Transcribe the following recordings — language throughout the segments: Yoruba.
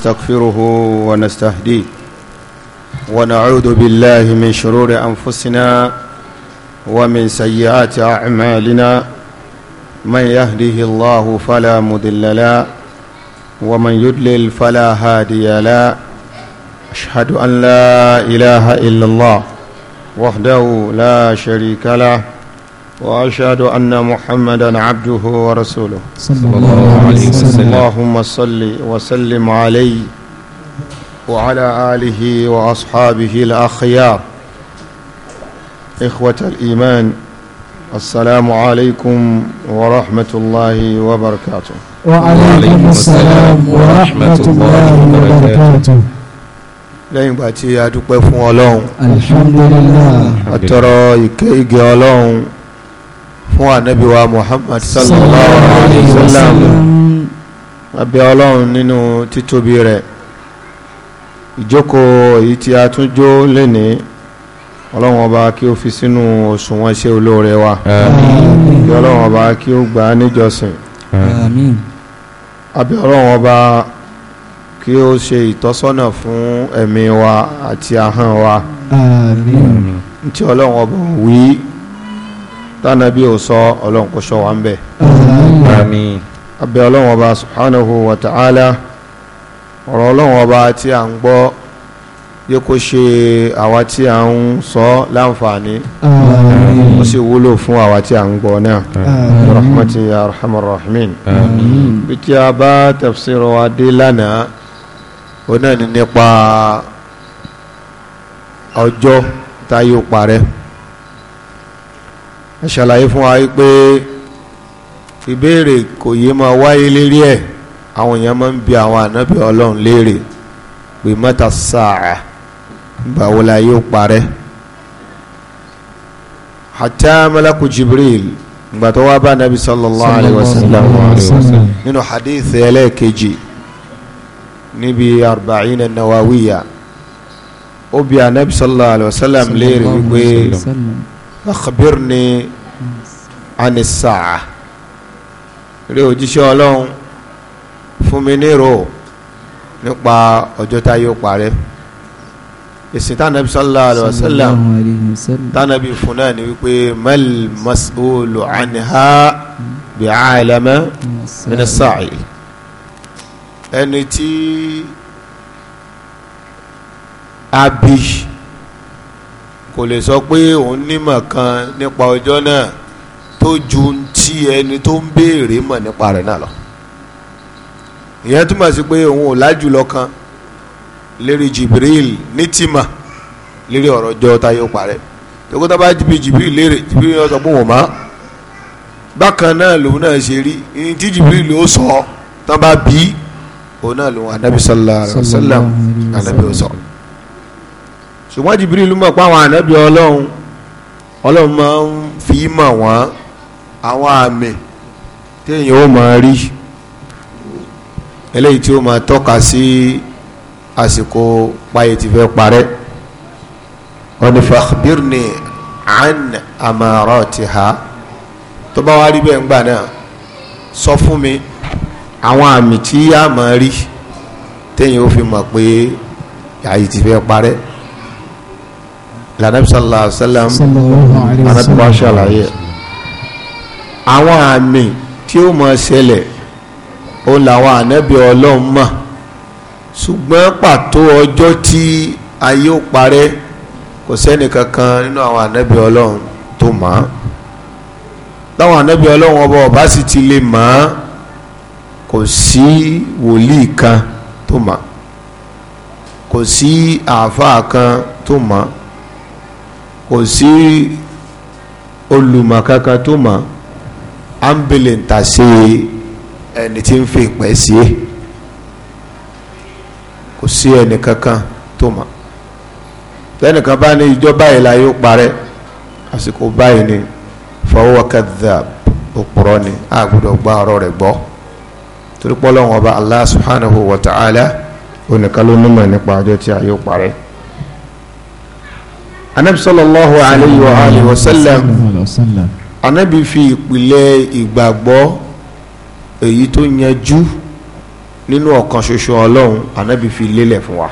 ونستغفره ونستهديه ونعوذ بالله من شرور أنفسنا ومن سيئات أعمالنا من يهده الله فلا مضل له ومن يدلل فلا هادي له أشهد أن لا إله إلا الله وحده لا شريك له واشهد ان محمدا عبده ورسوله صلى الله عليه وسلم اللهم صل وسلم عليه وعلى اله واصحابه الاخيار اخوه الايمان السلام عليكم ورحمه الله وبركاته وعليكم السلام ورحمه الله وبركاته lẹ́yìn ìgbà tí a dúpẹ́ fún ọlọ́run. alhamdulilayi. àtọrọ ìkẹ́ ìgẹ́ ọlọ́run fún ànábì wa Muhammad sallallahu alayhi wa sallam abẹ́ ọlọ́run nínú títóbi rẹ̀ ìjókòó èyí tí a tún jó léni ọlọ́run ọba kí ó fi sínú òṣùwọ̀n iṣẹ́ olóore wa kí ọlọ́run ọba kí ó gbà níjọsìn abẹ́ ọlọ́run ọba kí ó ṣe ìtọ́sọ́nà fún ẹ̀mí wa àti ahọ́n wa tí ọlọ́run ọba wí tánàbí ò sọ ọlọ́run kò sọ wa ń bẹ̀. àmín. abẹ́ ọlọ́run ọba subhanahu wa ta'ala ọ̀rọ̀ ọlọ́run ọba tí a ń gbọ́ yẹ kó ṣe àwa tí a ń sọ láǹfààní. àmín. ó sì wúlò fún àwa tí a ń gbọ́ náà. àmín. rahmatu ya rahman rahimin. àmín. a bá tafsir wa dé lánàá ó náà ní nípa ọjọ́ tá yóò parẹ́ ṣàlàyé fún wa pé ìbéèrè kò yé máa wáyé lérí ẹ̀ àwọn èèyàn máa ń bi àwọn ànábì ọlọ́run léèrè pé mẹ́ta sáà báwo la yóò parẹ́ hatta malaku jibril ìgbà tó wá bá nabi sallallahu alayhi wa sallam nínú hadith ẹlẹ́ẹ̀kejì níbi arba'in nawawiya ó bi anabi sallallahu alayhi wa sallam léèrè wípé akhbirni anisaa rí òjíṣẹ́ ọlọ́run fún mi nírò nípa ọjọ́ tá yóò parẹ́ èsì tánàbí sallallahu alaihi wasallam tánàbí fún náà ni wípé mal mas'ulu anha bi'alama min as-sa'i ẹni tí a bí kò lè sọ pé òun nímọ̀ kan nípa ọjọ́ náà tó ju ti ẹni tó ń béèrè mọ̀ nípa rẹ̀ náà lọ ìyẹn túmọ̀ sí pé òun ò lájú lọ́kàn lérí Jibril ní tìmọ̀ lérí ọ̀rọ̀ jọ ta yóò parẹ́ tókó bá jibi Jibril léèrè Jibril yóò sọ pé wọ́n mọ́ bákan náà lòun náà ṣe rí ní tí Jibril ló sọ tán bá bí òun náà lòun anabi sallallahu alayhi wa sallam anabi ó ṣùgbọ́n Jibril ló mọ̀ pé àwọn anabi ọlọ́run ọlọ́run máa ń fi mọ̀ wọ́n àwọn àmì téèyàn ó máa rí eléyìí tí ó máa tọ́ka sí àsìkò páyé ti fẹ́ parẹ́ wọ́n ní fàkbírni àn amaratiha tó bá wá rí bẹ́ẹ̀ ńgbà náà sọ fún mi àwọn àmì tí a máa rí téèyàn ó fi mọ̀ pé ayé ti fẹ́ parẹ́ lànà bisalòlá sálàm anábìbá ṣàlàyé àwọn àmì tí ó mọ̀ ṣẹlẹ̀ òun làwọn ànábì ọlọ́run mọ̀ ṣùgbọ́n pàtó ọjọ́ tí ayé ó parẹ́ kò sẹ́ni kankan nínú àwọn ànábì ọlọ́run tó mọ̀ ọ́ láwọn ànábì ọlọ́run ọba ọba sì ti lè mọ̀ kò sí wòlíì kan tó mọ̀ kò sí àáfàá kan tó mọ̀ kò sí olùmọ̀ kankan tó mọ̀ ambulance ta ṣe ẹni tí ń fi ìpẹ́ sí i kò sí ẹnì kankan tó mọ̀ lẹ́nìkan bá ní ìjọ báyìí la yóò parẹ́ àsìkò báyìí ni fọwọ́ kadhab òpùrọ́ ni a gbọ́dọ̀ gba ọ̀rọ̀ rẹ̀ gbọ́ torí pọ́lọ́wọ́n ọba Allah subhanahu wa ta'ala onìkan nípa ọjọ́ tí a yóò parẹ́ anabi sallallahu alayhi wa alihi wa sallam anabi fi ìpìlẹ̀ ìgbàgbọ́ èyí tó yanjú nínú ọ̀kan ṣoṣo ọlọ́run anabi fi lélẹ̀ fún wa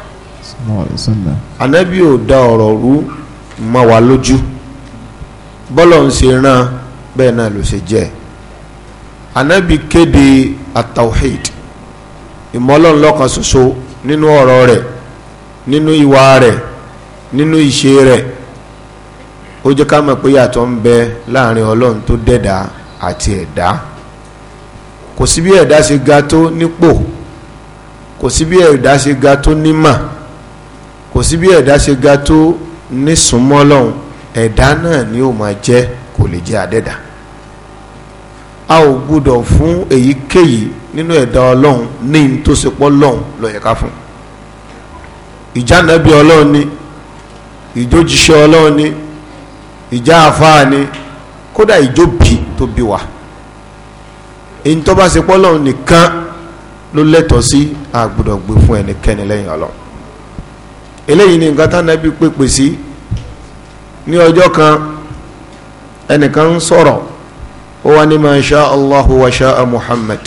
anabi ò da ọ̀rọ̀ rú mọ́ wa lójú bọ́lọ̀ ń ṣe rán bẹ́ẹ̀ náà ló ṣe jẹ́ anabi kéde atawhid ìmọ̀lọ́run lọ́kan ṣoṣo nínú ọ̀rọ̀ rẹ̀ nínú ìwà rẹ̀ nínú ìṣe rẹ̀ ó jẹ́ ká mọ̀ pé yàtọ̀ ń bẹ láàrin ọlọ́run tó dẹ̀dá àti ẹ̀dá kò sí bí ẹ̀dá ṣe ga tó nípò kò sí bí ẹ̀dá ṣe ga tó nímà kò sí bí ẹ̀dá ṣe ga tó nísùnmọ́ ọlọ́run ẹ̀dá náà ni ó máa jẹ́ kò lè jẹ́ àdẹ́dà a ò gbúdọ̀ fún èyíkéyìí nínú ẹ̀dá ọlọ́run ní ní tó ṣe pọ́ lọ́run lọ́yẹ̀ ká fún ìjánabi ọlọ́run ni ìjójíṣẹ́ ọlọ́run ni ìjà àfáà ni kódà ìjó bí tó bí wa èyí tó bá ṣe pọ́lọ́ nìkan ló lẹ́tọ̀ọ́ sí àgbọ̀dọ̀ gbé fún ẹnikẹ́ni lẹ́yìn ọlọ́ eléyìí ni nǹkan tánàbí pèpè sí ní ọjọ́ kan ẹnìkan ń sọ̀rọ̀ ó wá ní ma sha Allahu wa sha Muhammad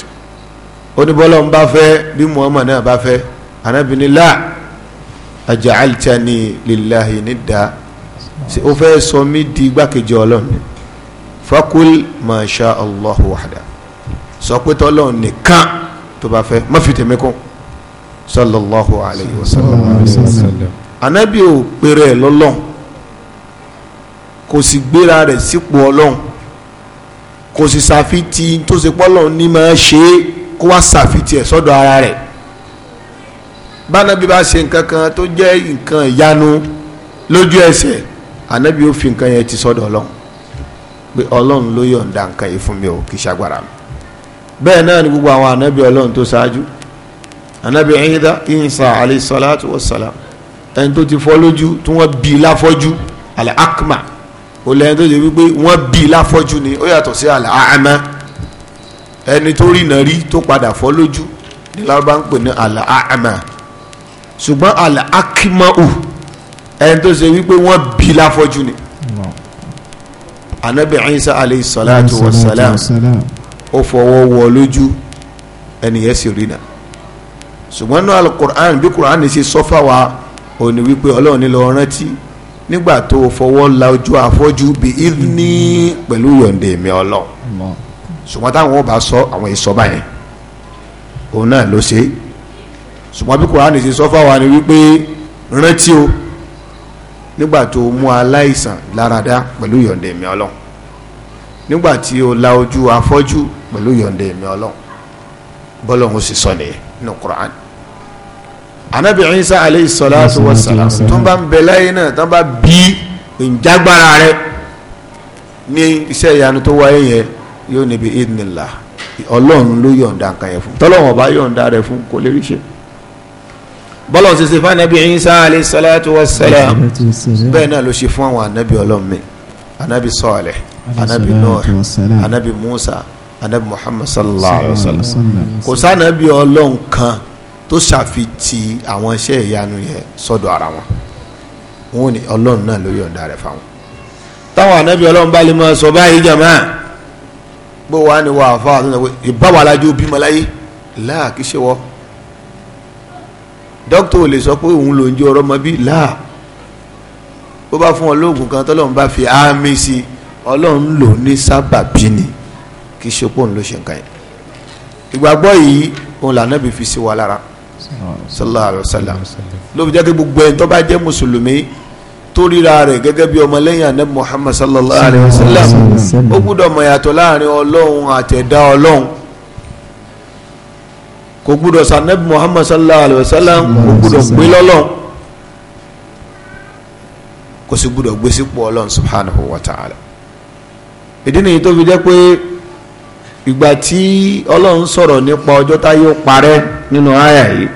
ń bá fẹ́ bí Muhammad náà bá fẹ́ anábìnilá aja'altani lillahi nidda o fẹ́ sọ mí di igbákejì ọlọ́run fakul masha allah wahda sọ pé tọ́lọ́run nìkan tó bá fẹ́ ma fi tèmi kún sallallahu alayhi wa sallam anabi ò pèrè ẹ̀ lọ́lọ́run kò sì gbéra rẹ̀ sípò ọlọ́run kò sì ṣàfitì tó ṣe pọ́lọ́run ní máa ṣe é kó wá ṣàfitì ẹ̀ sọ́dọ̀ ara rẹ̀ bánabi bá ṣe nǹkan tó jẹ́ nǹkan ìyanu lójú ẹsẹ̀ anabi ó fi nǹkan yẹn ti sọ́dọ̀ ọlọ́run pé ọlọ́run ló yọ̀ǹda nǹkan yìí fún mi ò kì í ṣàgbára mi bẹ́ẹ̀ náà ni gbogbo àwọn anabi ọlọ́run tó ṣáájú anabi ẹ̀yìndá ìyìnsá alayhi salatu wassalam ẹni tó ti fọ́ lójú tí wọ́n bí láfọ́jú alẹ́ akma ó lẹ́yìn tó ṣe wípé wọ́n bí láfọ́jú ni ó yàtọ̀ sí alẹ́ àmà ẹni tó rí nàrí tó padà fọ́ lójú ni lárúbá ń pè ní alẹ́ àmà ṣùgbọ́n alẹ́ akimau ẹni tó ṣe wípé wọ́n bí láfọ́jú ni anabi isa alayhi salatu wa salam ó fọwọ́ wọ lójú ẹnìyẹn sì rí náà ṣùgbọ́n náà alukur'an bí kur'an ṣe sọ fáwa ó ní wípé ọlọ́run ní lọ rántí nígbà tó fọwọ́ la afọ́jú bí ìdní pẹ̀lú yọ̀ǹde mi ọlọ́ ṣùgbọ́n táwọn ò bá sọ àwọn ìsọba yẹn òun náà ló ṣe ṣùgbọ́n bí kur'an ṣe sọ fáwa ni wípé rántí o nígbà tó mú aláìsàn láradá pẹ̀lú yọ̀ǹda ẹ̀mí ọlọ́run nígbà tí o la ojú afọ́jú pẹ̀lú yọ̀ǹda ẹ̀mí ọlọ́run bọ́lọ́run sì sọ nìyẹn nínú Qur'an anabi Isa aleyhi salatu wa salam tó ń bá ń bẹ láyé náà tó ń bá bí ìjágbára rẹ ní iṣẹ́ ìyanu tó wáyé yẹn yóò níbi idnillah ọlọ́run ló yọ̀ǹda nǹkan yẹn fún tọ́lọ́run ọba yọ̀ǹda rẹ fún kò bọ́lọ̀ ṣe ṣe fún anabi isa alayhi salatu wa salam bẹ́ẹ̀ náà ló ṣe fún àwọn anabi ọlọ́run mi anabi sọ́ọ̀lẹ̀ anabi nuh anabi musa anabi muhammad sallallahu alayhi wa sallam kò sànàbí ọlọ́run kan tó ṣàfitì àwọn iṣẹ́ ìyanu yẹn sọ́dọ̀ ara wọn wọn ò ní ọlọ́run náà ló yọ̀ǹda rẹ̀ fáwọn táwọn anabi ọlọ́run bá lè máa sọ báyìí jàmá gbọ́ wa ni wàá fáwọn àti ìbáwá alájú bímọ láyé láàkíṣe wọ́ọ́ dókítà ò lè sọ pé òun ló ń jó ọrọ́ mọ́ bí láà bó bá fún ọlọ́ọ̀gùn kan tọ́lọ́run bá fi àmì sí ọlọ́run lò ní sábàbí ni kì í ṣe pé òun ló ṣe nǹkan yẹn ìgbàgbọ́ yìí òun lànà bí fi sí wa lára sallallahu alayhi wa sallam ló fi jẹ́ kí gbogbo ẹni tó bá jẹ́ mùsùlùmí tó ríra rẹ̀ gẹ́gẹ́ bí ọmọlẹ́yìn anabi muhammad sallallahu alayhi wa sallam ó gbúdọ̀ mọ̀ yàtọ̀ láàrin ọlọ́run àtẹ̀dá ọlọ́run kò gbúdọ̀ sanabi muhammad sallallahu alayhi wa sallam kò gbúdọ̀ gbé lọ́lọ́n kò sì gbúdọ̀ gbé sípò ọlọ́run subhanahu wa ta'ala ìdí nìyí tó fi jẹ́ pé ìgbà tí ọlọ́run sọ̀rọ̀ nípa ọjọ́ tá parẹ́ nínú àyà yìí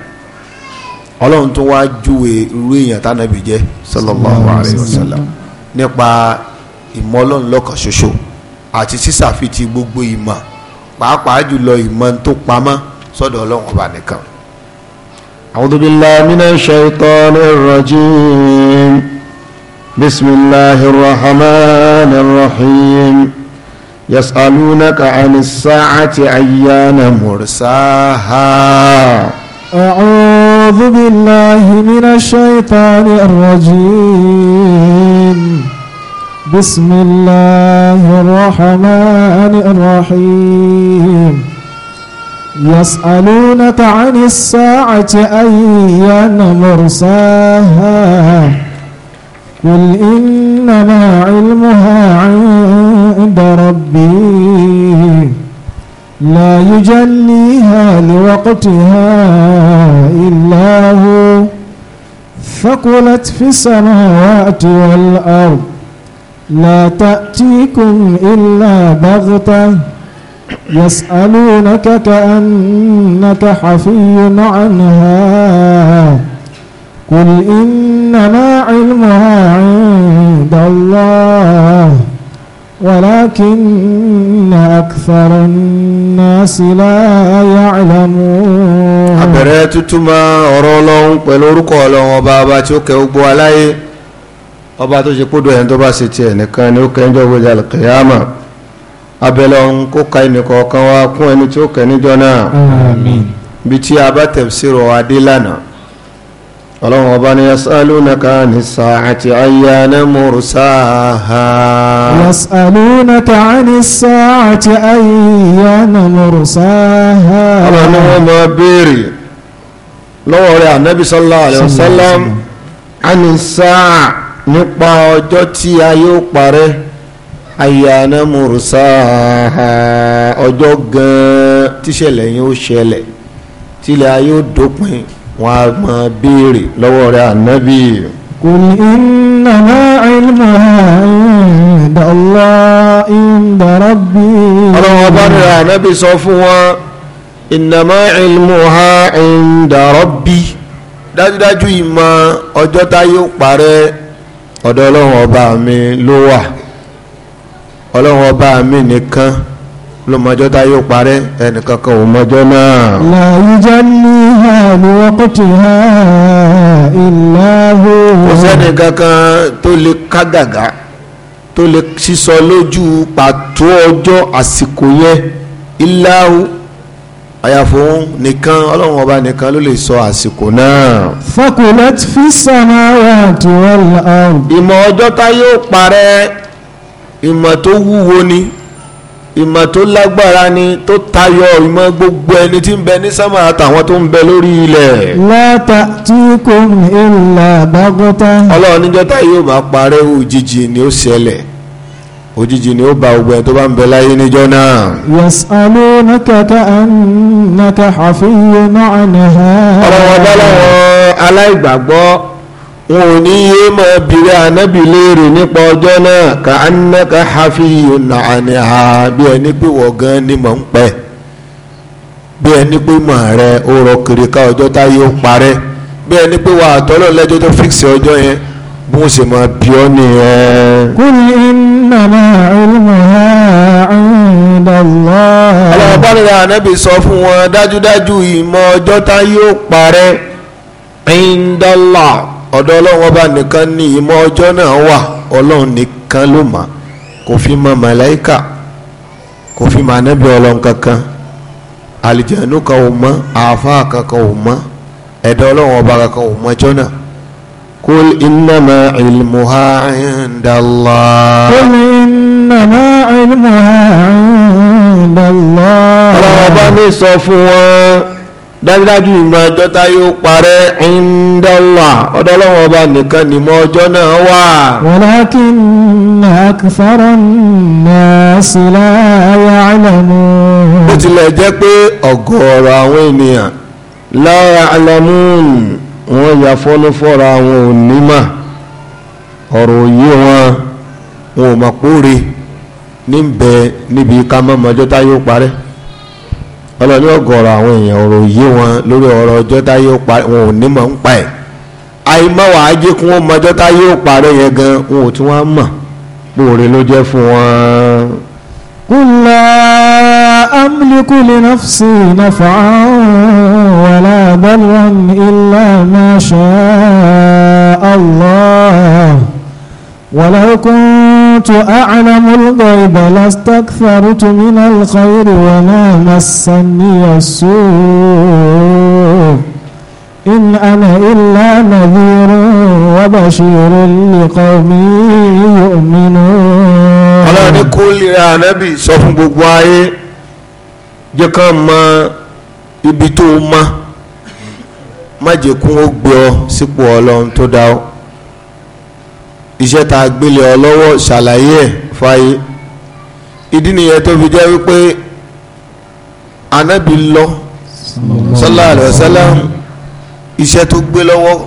ọlọ́run tó wá júwe irú èèyàn tánàbì jẹ́ sallallahu alayhi wa sallam nípa ìmọ̀ ọlọ́run lọ́kàn ṣoṣo àti sísàfitì gbogbo ìmọ̀ pàápàá jùlọ ìmọ̀ tó pamọ́ sọ́dọ̀ ọlọ́run ọba nìkan. a'udhu billahi minash shaitanir rajim bismillahir rahmanir rahim yas'alunaka 'anis sa'ati ayyana mursaha. a'udhu billahi minash shaitanir rajim. بسم الله الرحمن الرحيم يسألونك عن الساعة أين مرساها قل إنما علمها عند ربي لا يجليها لوقتها إلا هو فقلت في السماوات والأرض لا تأتيكم إلا بغته يسألونك كأنك حفي عنها قل إنما علمها عند الله ولكن أكثر الناس لا يعلمون abẹ̀rẹ̀ tutuma ọ̀rọ̀ Ọlọ́run pẹ̀lú orúkọ Ọlọ́run ọba ọba tí ó kẹ́ gbogbo aláyé ọba tó ṣe kódò ẹni tó bá ṣe tiẹ̀ nìkan ni ó kẹ́ ń jọ gbọ́dọ̀ àlùkìyàmà abẹ́lẹ̀ ọ̀hún kó ka ẹnìkọ̀ọ̀kan wá kún ẹni tí ó kẹ́ níjọ́ náà bí tí a bá tafsir adé lánàá ọlọ́run ọba ni yasalunaka ni sa'ati ayyana mursaha yasalunaka ni sa'ati ayyana mursaha ọlọ́run ni wọ́n máa béèrè lọ́wọ́ rẹ̀ ànábì sallallahu alaihi wasallam àni sáà nípa ọjọ́ tí ayé ó parẹ́ ayana mursa, ọjọ́ gan-an tíṣẹ̀lẹ̀ yẹn ó ṣẹlẹ̀ tílẹ̀ ayé ó dópin wọn a máa béèrè lọ́wọ́ rẹ̀ ànábì. qul innama ilmaha inda Allah inda rabbi. ọlọ́wọ́n bá nira ànábì sọ fún wọn innama ilmaha inda rabbi dájúdájú ìmọ̀ ọjọ́ tá yóò parẹ́ ọ̀dọ̀ ọlọ́run ọba mi ló wà ọlọ́run ọba mi nìkan lọ́mọjọ́ tá yóò parẹ́ ẹnìkan kan ò mọjọ́ náà. làyíjá ní àmì wọ́kọ̀tì ha ìlàhó. kò sẹ́ni kankan tó lè kágàgá tó lè sísọ lójú pàtó ọjọ́ àsìkò yẹn ìlàhó àyàfò nìkan ọlọ́run ọba nìkan ló lè sọ àsìkò náà. fakulat fi samawati wal ard. ìmọ̀ ọjọ́ tá yóò parẹ́ ìmọ̀ tó wúwo ni ìmọ̀ tó lágbára ni tó tayọ ìmọ̀ gbogbo ẹni tí ń bẹ ní sámà àtàwọn tó ń bẹ lórí ilẹ̀. látà tí kò ní ìlà bàgọ́tà. ọlọ́run níjọ́ tá yóò máa parẹ́ òjijì ni ó ṣẹlẹ̀ òjijì ni ó ba gbogbo ẹni tó bá ń bẹ láyé níjọ́ náà. yas'alunaka ka'annaka hafiyyun 'anha. ọ̀rọ̀ wọn bá láwọn aláìgbàgbọ́ wọn ò ní yé máa bèrè ànábì léèrè nípa ọjọ́ náà ká anáka hafiyun nàánìhà bí ẹni pé wọ́n gan ni mò ń pẹ́ bí ẹni pé mọ̀ rẹ ó rọ kiri ká ọjọ́ táyé ó parẹ́ bí ẹni pé wà á tọ́lọ̀ lẹ́jọ́ tó fíksì ọjọ́ yẹn bó ṣe máa bí ọ nìyẹn. kúrì innama ilmuha indallah. alábàárẹ̀ ànábì sọ fún wọn dájúdájú ìmọ̀ ọjọ́ táyé ó parẹ́ indallah ọ̀dọ̀ ọlọ́run ọba nìkan ní ìmọ̀ ọjọ́ náà wà ọlọ́run nìkan ló mọ̀ kò fi mọ màláìkà kò fi mọ anábì ọlọ́run kankan àlìjẹ̀nu kan ò mọ̀ àáfàá kankan ò mọ̀ ẹ̀dá ọlọ́run ọba kankan ò mọ̀ ọjọ́ náà. قل إنما علمها عند الله قل إنما علمها عند الله ọlọ́run ọba ní sọ fún wọn. dájúdájú ìmọ̀ ọjọ́ tá yóò parẹ́ ìndọ́là ọ̀dọ̀ ọlọ́run ọba nìkan ni mọ̀ ọjọ́ náà wà. walakinna aktharan si la ya'lamun. bó tilẹ̀ jẹ́ pé ọ̀gọ̀ọ̀rọ̀ àwọn ènìyàn la ya'lamun wọn yà fọ́nú fọ́ra wọn ò ní mà ọ̀rọ̀ òye wọn wọn ò mà kóre níbẹ̀ níbi ọlọ́ni ọ̀gọ̀rọ̀ àwọn èèyàn ọ̀rọ̀ yé wọn lórí ọ̀rọ̀ ọjọ́ tá yóò parí wọn ò ní mọ̀ ń pa ẹ̀ àìmọ́wà ajé kún wọn mọjọ́ tá yóò parí yẹn gan wọn ò tún wá mọ̀ bóore ló jẹ́ fún wọn. kúlá amliku li nafsi naf'an wala darran illa ma sha Allah. ولو كنت أعلم الغيب لاستكثرت من الخير وما مسني السوء إن أنا إلا نذير وبشير لقوم يؤمنون ọlọ́ni kúlì ànábì sọ fún gbogbo ayé jẹ́ ká mọ ibi tó má má iṣẹ́ tá a gbélé ọ lọ́wọ́ ṣàlàyé ẹ̀ fáyé ìdí nìyẹn tó fi jẹ́ wípé anábì lọ sallallahu alaihi wasallam iṣẹ́ tó gbé lọ́wọ́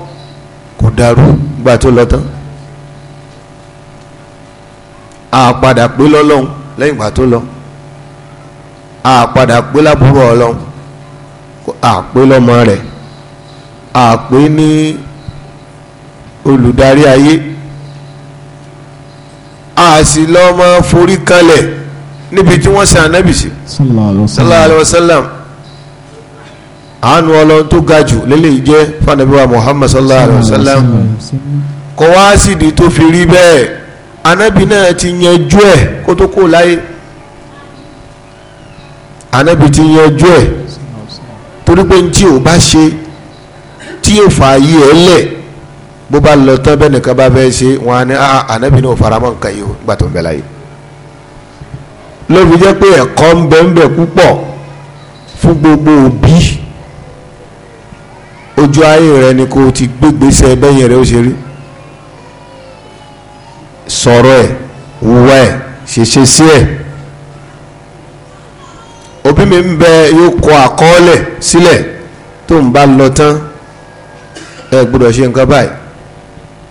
kò dàrú gbà tó lọ tán a pé lọ́lọ́hun lẹ́yìn gbà tó lọ a pé lábúrò ọlọ́hun a lọ́mọ rẹ̀ a ní olùdarí ayé a sì lọ máa forí kalẹ̀ níbi tí wọ́n sin anabi sí sallallahu alayhi wa sallam àánú ọlọ́run tó ga jù lélẹ́yìí jẹ́ fanabiwa muhammad sallallahu alayhi wa sallam kò wá sídìí tó fi rí bẹ́ẹ̀ anabi náà ti yanjú ẹ̀ kó tó kó láyé anabi ti yanjú ẹ̀ torí pé ní tí o bá ṣe tí o fà yí ẹ lẹ̀ bó bá lọ tán bẹ́ẹ̀ nìkan bá fẹ́ ṣe wọn á ní ah, ah, ànábì ní òfaramọ́ nǹkan yìí nígbà tó ń bẹ láyé ló fi jẹ́ pé ẹ̀kọ́ ń bẹ ń bẹ púpọ̀ fún gbogbo òbí ojú ayé rẹ ni kò ti gbégbèsè bẹ́yìn rẹ ó ṣe rí sọ̀rọ̀ ẹ̀ wúwa ẹ̀ ṣèṣe sí ẹ̀ òbí mi ń bẹ yóò kọ àkọọ́lẹ̀ sílẹ̀ tó ń bá lọ tán ẹ gbọ́dọ̀ ṣe nǹkan báyìí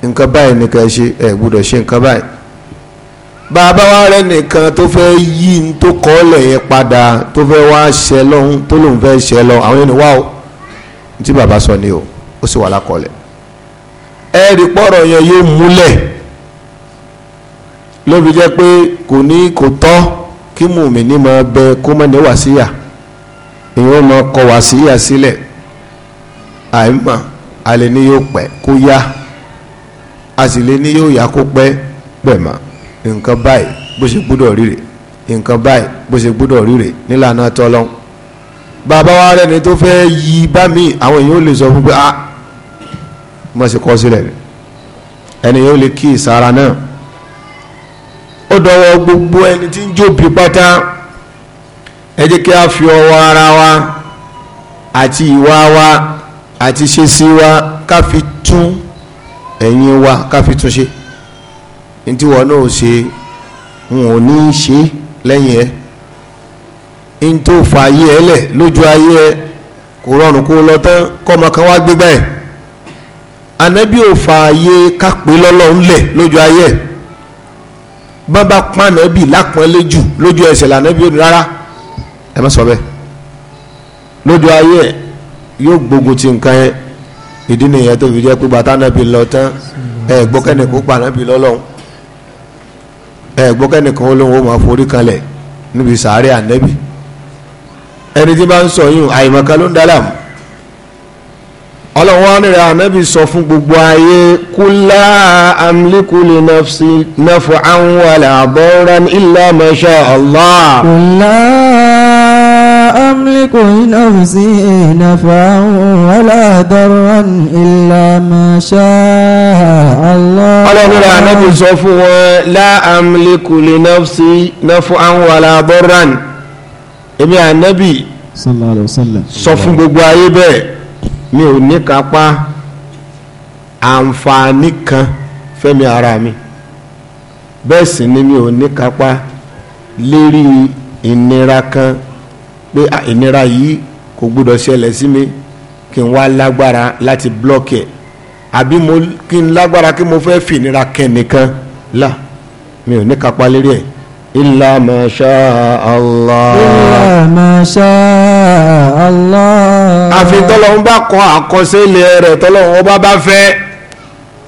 nǹkan báyìí ni ṣe ẹ gbúdọ̀ ṣe nǹkan báyìí bàbá wa rẹ nìkan tó fẹ́ yí n tó kọ́ lẹ̀ yẹn padà tó fẹ́ wá ṣẹ lọ́hún tó lòun fẹ́ ṣẹ lọ àwọn ènìyàn wá o tí bàbá sọ ni o ó sì wà lákọọ́lẹ̀ ẹ rí yẹn yóò múlẹ̀ ló fi jẹ́ pé kò ní kò tọ́ kí máa bẹ kó má ní máa kọ sílẹ̀ àìmọ̀ ni yóò pẹ́ kó yá. a sì lè ní yóò yá kó pẹ́ pẹ̀ mọ́ nǹkan báyìí bó ṣe gbúdọ̀ ríre nǹkan báyìí bó ṣe gbúdọ̀ ríre nílànà tọ́lọ́ bàbá wa rẹ̀ ni tó fẹ́ yí bá mi àwọn èèyàn ò lè sọ fún pé ah mo sì kọ́ sílẹ̀ rẹ̀ ẹni yóò lè kí ìsara náà ó dọwọ́ gbogbo ẹni tí ń jóbi pátá ẹ jẹ́ kí a fi ọwọ́ ara wa àti ìwà wa àti ṣe sí wa ká fi tún ẹ̀yìn wa káfi tún ṣe ntí wọn náà ṣe wọn ò ní í ṣe lẹ́yìn ẹ̀ ntó fa ayé ẹ lẹ̀ lójú ayé ẹ kò rọrùn kó lọ tán kọ́mọ kan wá gbégbá ẹ̀ anabi ò fa ayé kápẹ́ lọ́lọ́ ńlẹ̀ lójú ayé ẹ̀ bàbá pa anabi lápọ́nlé jù lójú ẹsẹ̀ lànàbí ò ní rárá ẹ má sọ bẹ́ẹ̀ lójú ayé ẹ̀ yóò gbógun ti nǹkan yẹn ìdí nìyẹn tó fi jẹ́ pé bàtà náà fi lọ tán ẹ gbọ́ kẹ́nìkan pa náà fi lọ́lọ́hún ẹ gbọ́ kẹ́nìkan olóhùn ó máa forí kalẹ̀ níbi sàárẹ̀ ànẹ́bì ẹni tí bá ń sọ yìí àìmọ̀kan ló ń dára mu ọlọ́wọ́n rẹ̀ sọ fún gbogbo ayé kúlá amlikuli nafsi nafu àwọn wàlẹ̀ àbọ̀rán illa kúlá. تملك لنفسه نفعا ولا ضرا إلا ما شاء الله ọlọ́run rẹ̀ anábì sọ fún wọn la amliku li nafsi naf'an wala darran èmi ànábì sọ fún gbogbo ayé bẹ́ẹ̀ mi ò ní kápá àǹfààní kan fẹ́mi ara mi bẹ́ẹ̀ sì ni mi ò ní kápá lérí ìnira kan pé ah, ìnira yìí kò gbúdọ̀ ṣẹlẹ̀ sí mi kí n wá lágbára láti blọ́ọ̀kì ẹ̀ àbí kí n lágbára kí mo fẹ́ fìnira kẹ́nìkan là mi ò ní kápá lérí ẹ̀ illa ma Allah. illa ma Allah. àfi tọ́lọ́hún bá kọ àkọsílẹ̀ rẹ̀ tọ́lọ́hún ọba bá fẹ́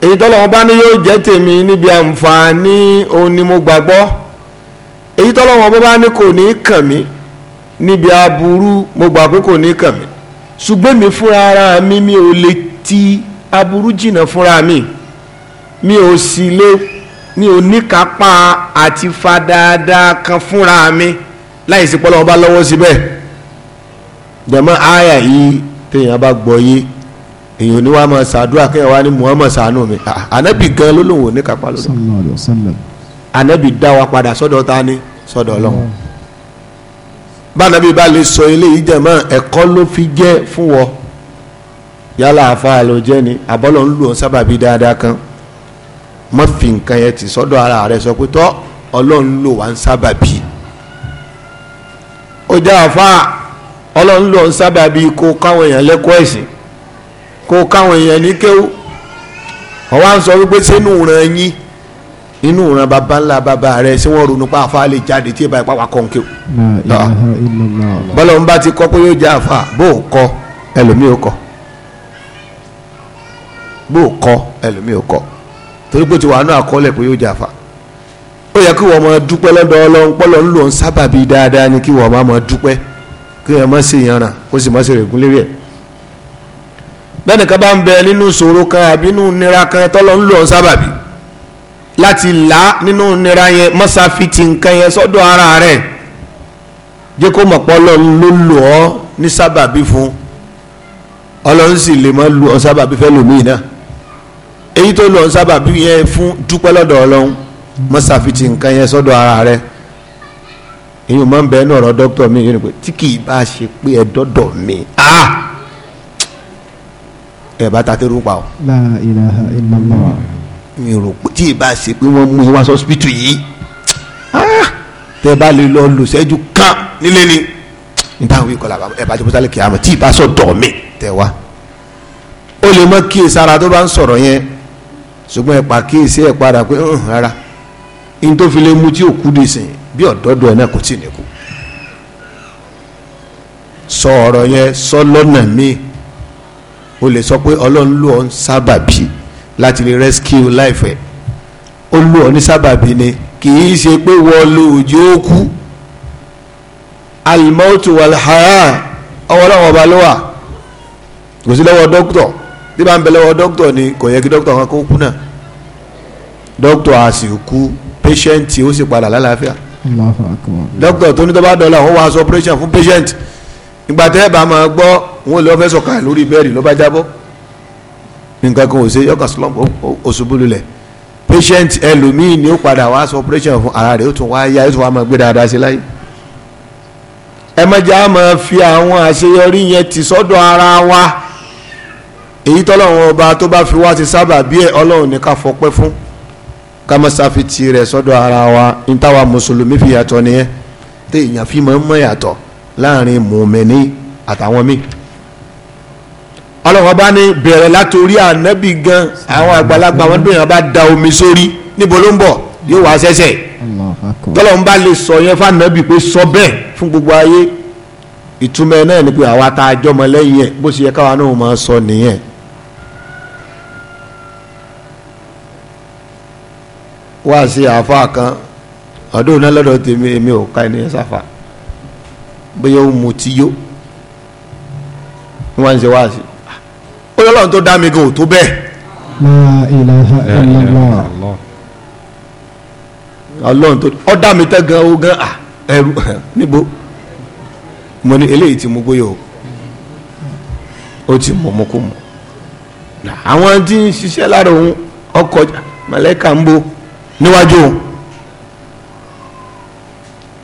èyí tọ́lọ́hún bá ní yóò jẹ́ tèmi níbi àǹfààní òun ni mo gbàgbọ́ èyí tọ́lọ́hún ọba bá ní kò ní kàn mí níbi aburú mo gbà pé kò ní kàn mí ṣùgbọ́n mi fúnra ara mi mi ò lè ti aburú jìnnà fúnra mi mi ò sì lè mi ò níkápá àti fa dáadáa kan fúnra mi láì sí pọ́lọ́wọ́ bá lọ́wọ́ síbẹ̀ jẹ̀mọ́ àyà yìí téèyàn bá gbọ́ yé èèyàn ní wàá máa ṣàdúrà kéèyàn wá ní Muhammad ṣàánú mi ah, ànábì gan ló lòun ò níkápá lọ́dọ̀ ànábì dá wa padà sọ́dọ̀ ta ni sọ́dọ̀ Ọlọ́run. bánabi bá lè sọ eléyìí jẹ̀mọ́ ẹ̀kọ́ ló fi jẹ́ fún wọ yálà àfáà ló jẹ́ ni àbọ́lọ̀ ń lò ó kan má fi nǹkan yẹn tì sọ́dọ̀ ara rẹ̀ sọ pé tọ́ ọlọ́run lò wá ń sábàbí ó jẹ́ àfáà ọlọ́run lò ń sábàbí kó káwọn èèyàn lẹ́kọ́ ẹ̀sìn kó káwọn èèyàn ní kéwú ọ̀wá ń sọ wípé sínú inú ìran bàbá ńlá bàbá rẹ ṣé wọ́n ronú pa lè jáde tí ìbáyìí ah. bá ti kọ́ pé yóò jẹ́ àfa bó o kọ́ ẹlòmíì ó kọ́ bó o kọ́ ẹlòmíì ó kọ́ torí pé o ti wà nù àkọọ́lẹ̀ pé yóò jẹ́ àfa ó yẹ kí wọ́n dúpẹ́ lọ́dọ̀ ọlọ́run pọ́lọ́ ńlò ń dáadáa ni kí wọ́n dúpẹ́ kí wọ́n láti là á nínú nira yẹn mọ́sáfi ti nǹkan yẹn sọ́dọ̀ ara rẹ̀ jẹ́ kó mọ̀pọ̀ ọlọ́run ló lò ọ́ ní sábàbí fún ọlọ́run sì lè máa lu ọ sábàbí fẹ́ lòmíì náà èyí tó lọ sábàbí yẹn fún dúpẹ́ lọ́dọ̀ ọlọ́run mọ́sáfi ti nǹkan yẹn sọ́dọ̀ ara rẹ̀ èyí máa ń bẹ ní ọ̀rọ̀ dókítà mi yìí ni pé tí kì í bá ṣe pé ẹ dọ́dọ̀ mi ah! ẹ bá ta tẹ́rù pa o. La ilaha illallah mi rò pé tí ìbá ṣe pé wọ́n mú wá sọ́sìpìtì yìí ah! tẹ́ bá lè lọ lò sẹ́jú kan nílé ni níta wí kọ́lá ẹ̀ bá ti bó sálẹ̀ kìámọ̀ tí ìbá sọ dọ̀ mí tẹ́ wá. ó lè mọ kíyèsí ara tó bá ń sọ̀rọ̀ yẹn ṣùgbọ́n ẹ̀ pa kíyèsí ẹ̀ padà pé ń rárá ní tó fi lè mú tí òkú dì sìn bí ọ̀dọ́dọ̀ ẹ̀ náà kò tí ní kú. sọ yẹn sọ lọ́nà míì o lè sọ pé ọlọ́run ló ń sábàbí láti lè rescue life ẹ̀ ó lò ọ́ ní sábàbí ni kì í ṣe pé wọ́n lo òjò ó kú alimọ́tò alhara ọwọ́ lọ́wọ́ ọba ló kò sí lọ́wọ́ dókítọ̀ tí bá ń bẹ lọ́wọ́ dókítọ̀ ni kò yẹ kí dókítọ̀ kan kó kú náà dókítọ̀ á sì kú pẹ́ṣẹ́ǹtì ó sì padà lálàáfíà dókítọ̀ tó ní tó bá dọ́là wọ́n wá aṣọ operation fún pẹ́ṣẹ́ǹtì ìgbà tẹ́ bá máa gbọ́ wọn lọ fẹ́ sọ̀kalẹ̀ lórí bẹ́ẹ̀rì ló nǹkan kan ò ṣe yọkàn slump òṣùbù lulẹ̀ patient ẹlòmíì ni ó padà wá sọ operation fún ara rẹ̀ ó tún wá yá ó tún wá máa gbé dáadáa sí láyé ẹ mọ̀jà máa fi àwọn àṣeyọrí yẹn ti sọ́dọ̀ ara wa èyí tọ́lọ́run ọba tó bá fi wá ti sábà bí ẹ ọlọ́run ní ká fọpẹ́ fún ká rẹ̀ sọ́dọ̀ ara wa ní táwa mùsùlùmí fi yàtọ̀ nìyẹn téèyàn fi máa ń mọ̀ yàtọ̀ láàrin mùmẹ́ni àtàwọn míì ọlọ́wọ́n bá ní bẹ̀rẹ̀ látòrí ànábì gan àwọn àgbàlagbà wọn bẹ̀rẹ̀ bá da omi sórí níbo ló ń bọ̀ yóò wá sẹ́sẹ̀ tọ́lọ́wọ́n bá lè sọ yẹn fànábì pé sọ bẹ́ẹ̀ fún gbogbo ayé ìtumọ̀ ẹ̀ náà ni pé àwa tá a jọmọ lẹ́yìn ẹ̀ bó ṣe yẹ káwa náà máa sọ nìyẹn. wá sí àáfàá kan ọdún náà lọ́dọ̀ tèmi èmi ò ka ẹni sáfà bóyá ó mutí yó wọ́n ń ṣe wá sí ó yọ lọ́run tó dá mi gan ò tó bẹ́ẹ̀. ọlọ́run tó ọ dá mi tẹ́ gan o gan à ẹrú níbo mo ní eléyìí tí mo gbóyò ó ti mọ̀ mọ́ kó mọ̀ àwọn tí ń ṣiṣẹ́ lára òun ọkọ̀ mọ̀lẹ́kà ń bo níwájú òun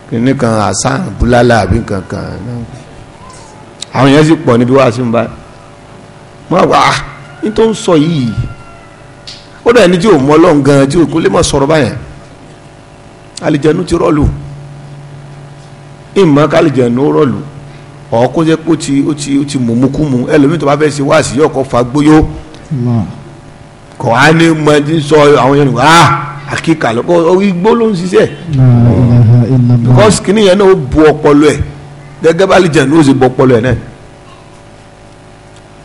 kìnnì kan àṣà búlálà àbí kankan àwọn yẹn sì pọ̀ níbi wàásù ń báyìí má wà á ní tó ń sọ yìí ó dà ẹni tí ò mọ ọlọ́run gan tí kò lè mọ̀ sọ̀rọ̀ báyẹn alìjẹnu ti rọ́ọ̀lù ìmọ̀ kálìjẹnu rọ́ọ̀lù ọ̀ kó jẹ́ pé ó ti ó ti ó ti mùmúkúmu ẹlòmíì tó bá fẹ́ ṣe wáàsí yóò kọ́ fa gbóyó kọ̀ á ní mọ ẹni sọ àwọn yẹn wá àkíkà lọ́kọ́ igbó ló ń ṣiṣẹ́ because kìnìyẹn náà ó bu ọpọlọ ẹ̀ gẹ́gẹ́ bá alìjẹnu ó sì bu ọpọlọ ẹ̀ náà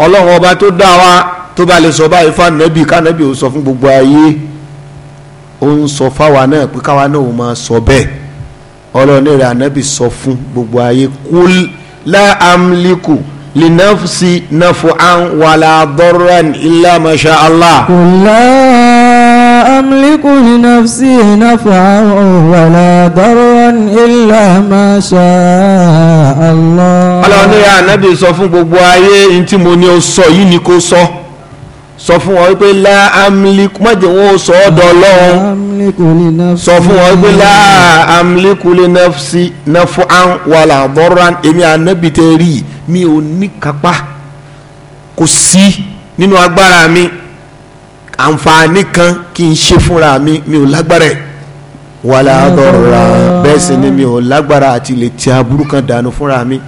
ọlọ́run ọba tó dá wa tó bá lè sọ báyìí fún ànábì kánábì ò sọ fún gbogbo ayé ó ń sọ fáwa náà pé káwa náà ò máa sọ bẹ́ẹ̀ ọlọ́run rẹ̀ ànábì sọ fún gbogbo ayé kúl láàmlíkù linafsi nafu'an wàlá dọ́rọ̀n illa masha Allah. kúl láàmlíkù linafsi nafu'an wàlá dọ́rọ̀n illa Allah ọlọ́run ní ah, ànábì sọ fún gbogbo ayé ní tí mo ní o sọ yìí ni kò sọ sọ fún wọn pé la amliku má jẹ́ wọn ó sọ ọ́dọ̀ ọlọ́run sọ fún wọn pé la amliku li nafsi naf'an wala darran èmi ànábì tẹ rí mi ò ní kápá kò sí nínú agbára mi àǹfààní kan kí n ṣe fúnra mi mi ò lágbára ẹ̀ wàlá bẹ́ẹ̀ sì ni mi ò lágbára àti lè ti aburú kan dànù fúnra mi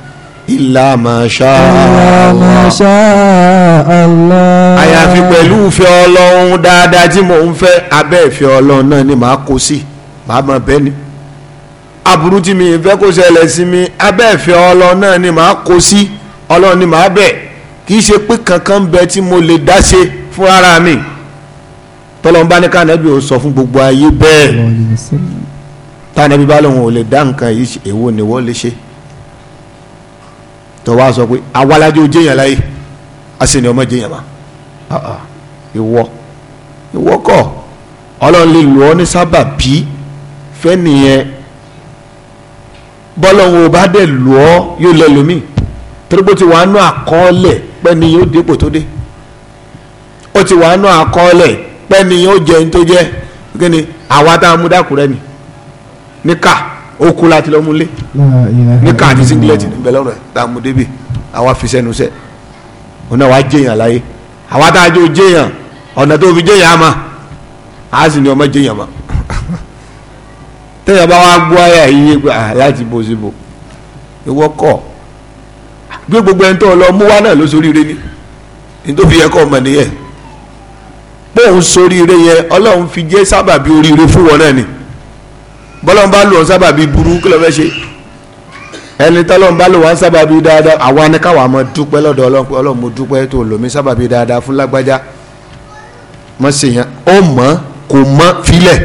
ilà màṣá Allah àyàfi pẹ̀lú ìfẹ́ ọlọ́run dáadáa tí mò ń fẹ́ abẹ́ ìfẹ́ ọlọ́run náà ni màá kó sí màá mọ bẹ́ẹ̀ ni aburú tí mi ìfẹ́ kó ṣẹlẹ̀ sí mi abẹ́ ìfẹ́ ọlọ́run náà ni màá kó sí ọlọ́run ni màá bẹ̀ kì í ṣe pé kankan ń bẹ tí mo lè dá ṣe fún ara mi tọ́lọ́mbá ní kánẹ́bí ò sọ fún gbogbo ayé bẹ́ẹ̀ tánẹ́bí bá lóun ò lè dá nǹkan yìí èwo ni wọ́n lè ṣe tó wá sọ pé awalajọ jẹyàn láyé asẹni ọmọ jẹyàn ma ah, ah. ìwọ ìwọ kọ Ọlọ́run lè lù ọ ní sábà bí fẹnìyẹn bọlọrun ò bá dẹ lù ọ yóò lẹ lómi torí wàá nú àkọọ́lẹ̀ pẹ́ni yóò dépò tó dé ó ti wàá nú àkọọ́lẹ̀ pẹ́ni yóò jẹun tó jẹ́ kí ni àwa tá a mú dákúrẹ́ ni níkà ó kú láti lọ́mú lé ní káàdì singlet níbẹ̀ lọ́rùn ẹ̀ tá a mú débi àwa fi sẹ́nu sẹ́ ọ̀nà wa jẹ́yàn láyé àwa tá a jọ jẹ́yàn ọ̀nà tó fi jẹ́yàn ama a sì ní ọmọ jẹ́yàn ma tẹ́yà bá wa gbọ́ ayà yíyé pé láti ah, bó sí bó ìwọ kọ́ gbé gbogbo ẹni tó lọ mú wa náà ló soríire ni nítorí yẹ kọ́ ọmọ nìyẹn pé òun soríire yẹn ọlọ́run fi jẹ́ sábàbí oríire fún wọn náà ni bọ́lọ́n bá lò wọ́n sábà bíi burú kí ló fẹ́ ṣe ẹni tọ́lọ́n bá lò wọ́n sábà bíi dáadáa àwa ni káwa mọ dúpẹ́ lọ́dọ̀ ọlọ́run mo dúpẹ́ tó lò mí sábà bíi dáadáa fún lágbájá mọ̀ sí yẹn ó mọ̀ kò mọ̀ filẹ̀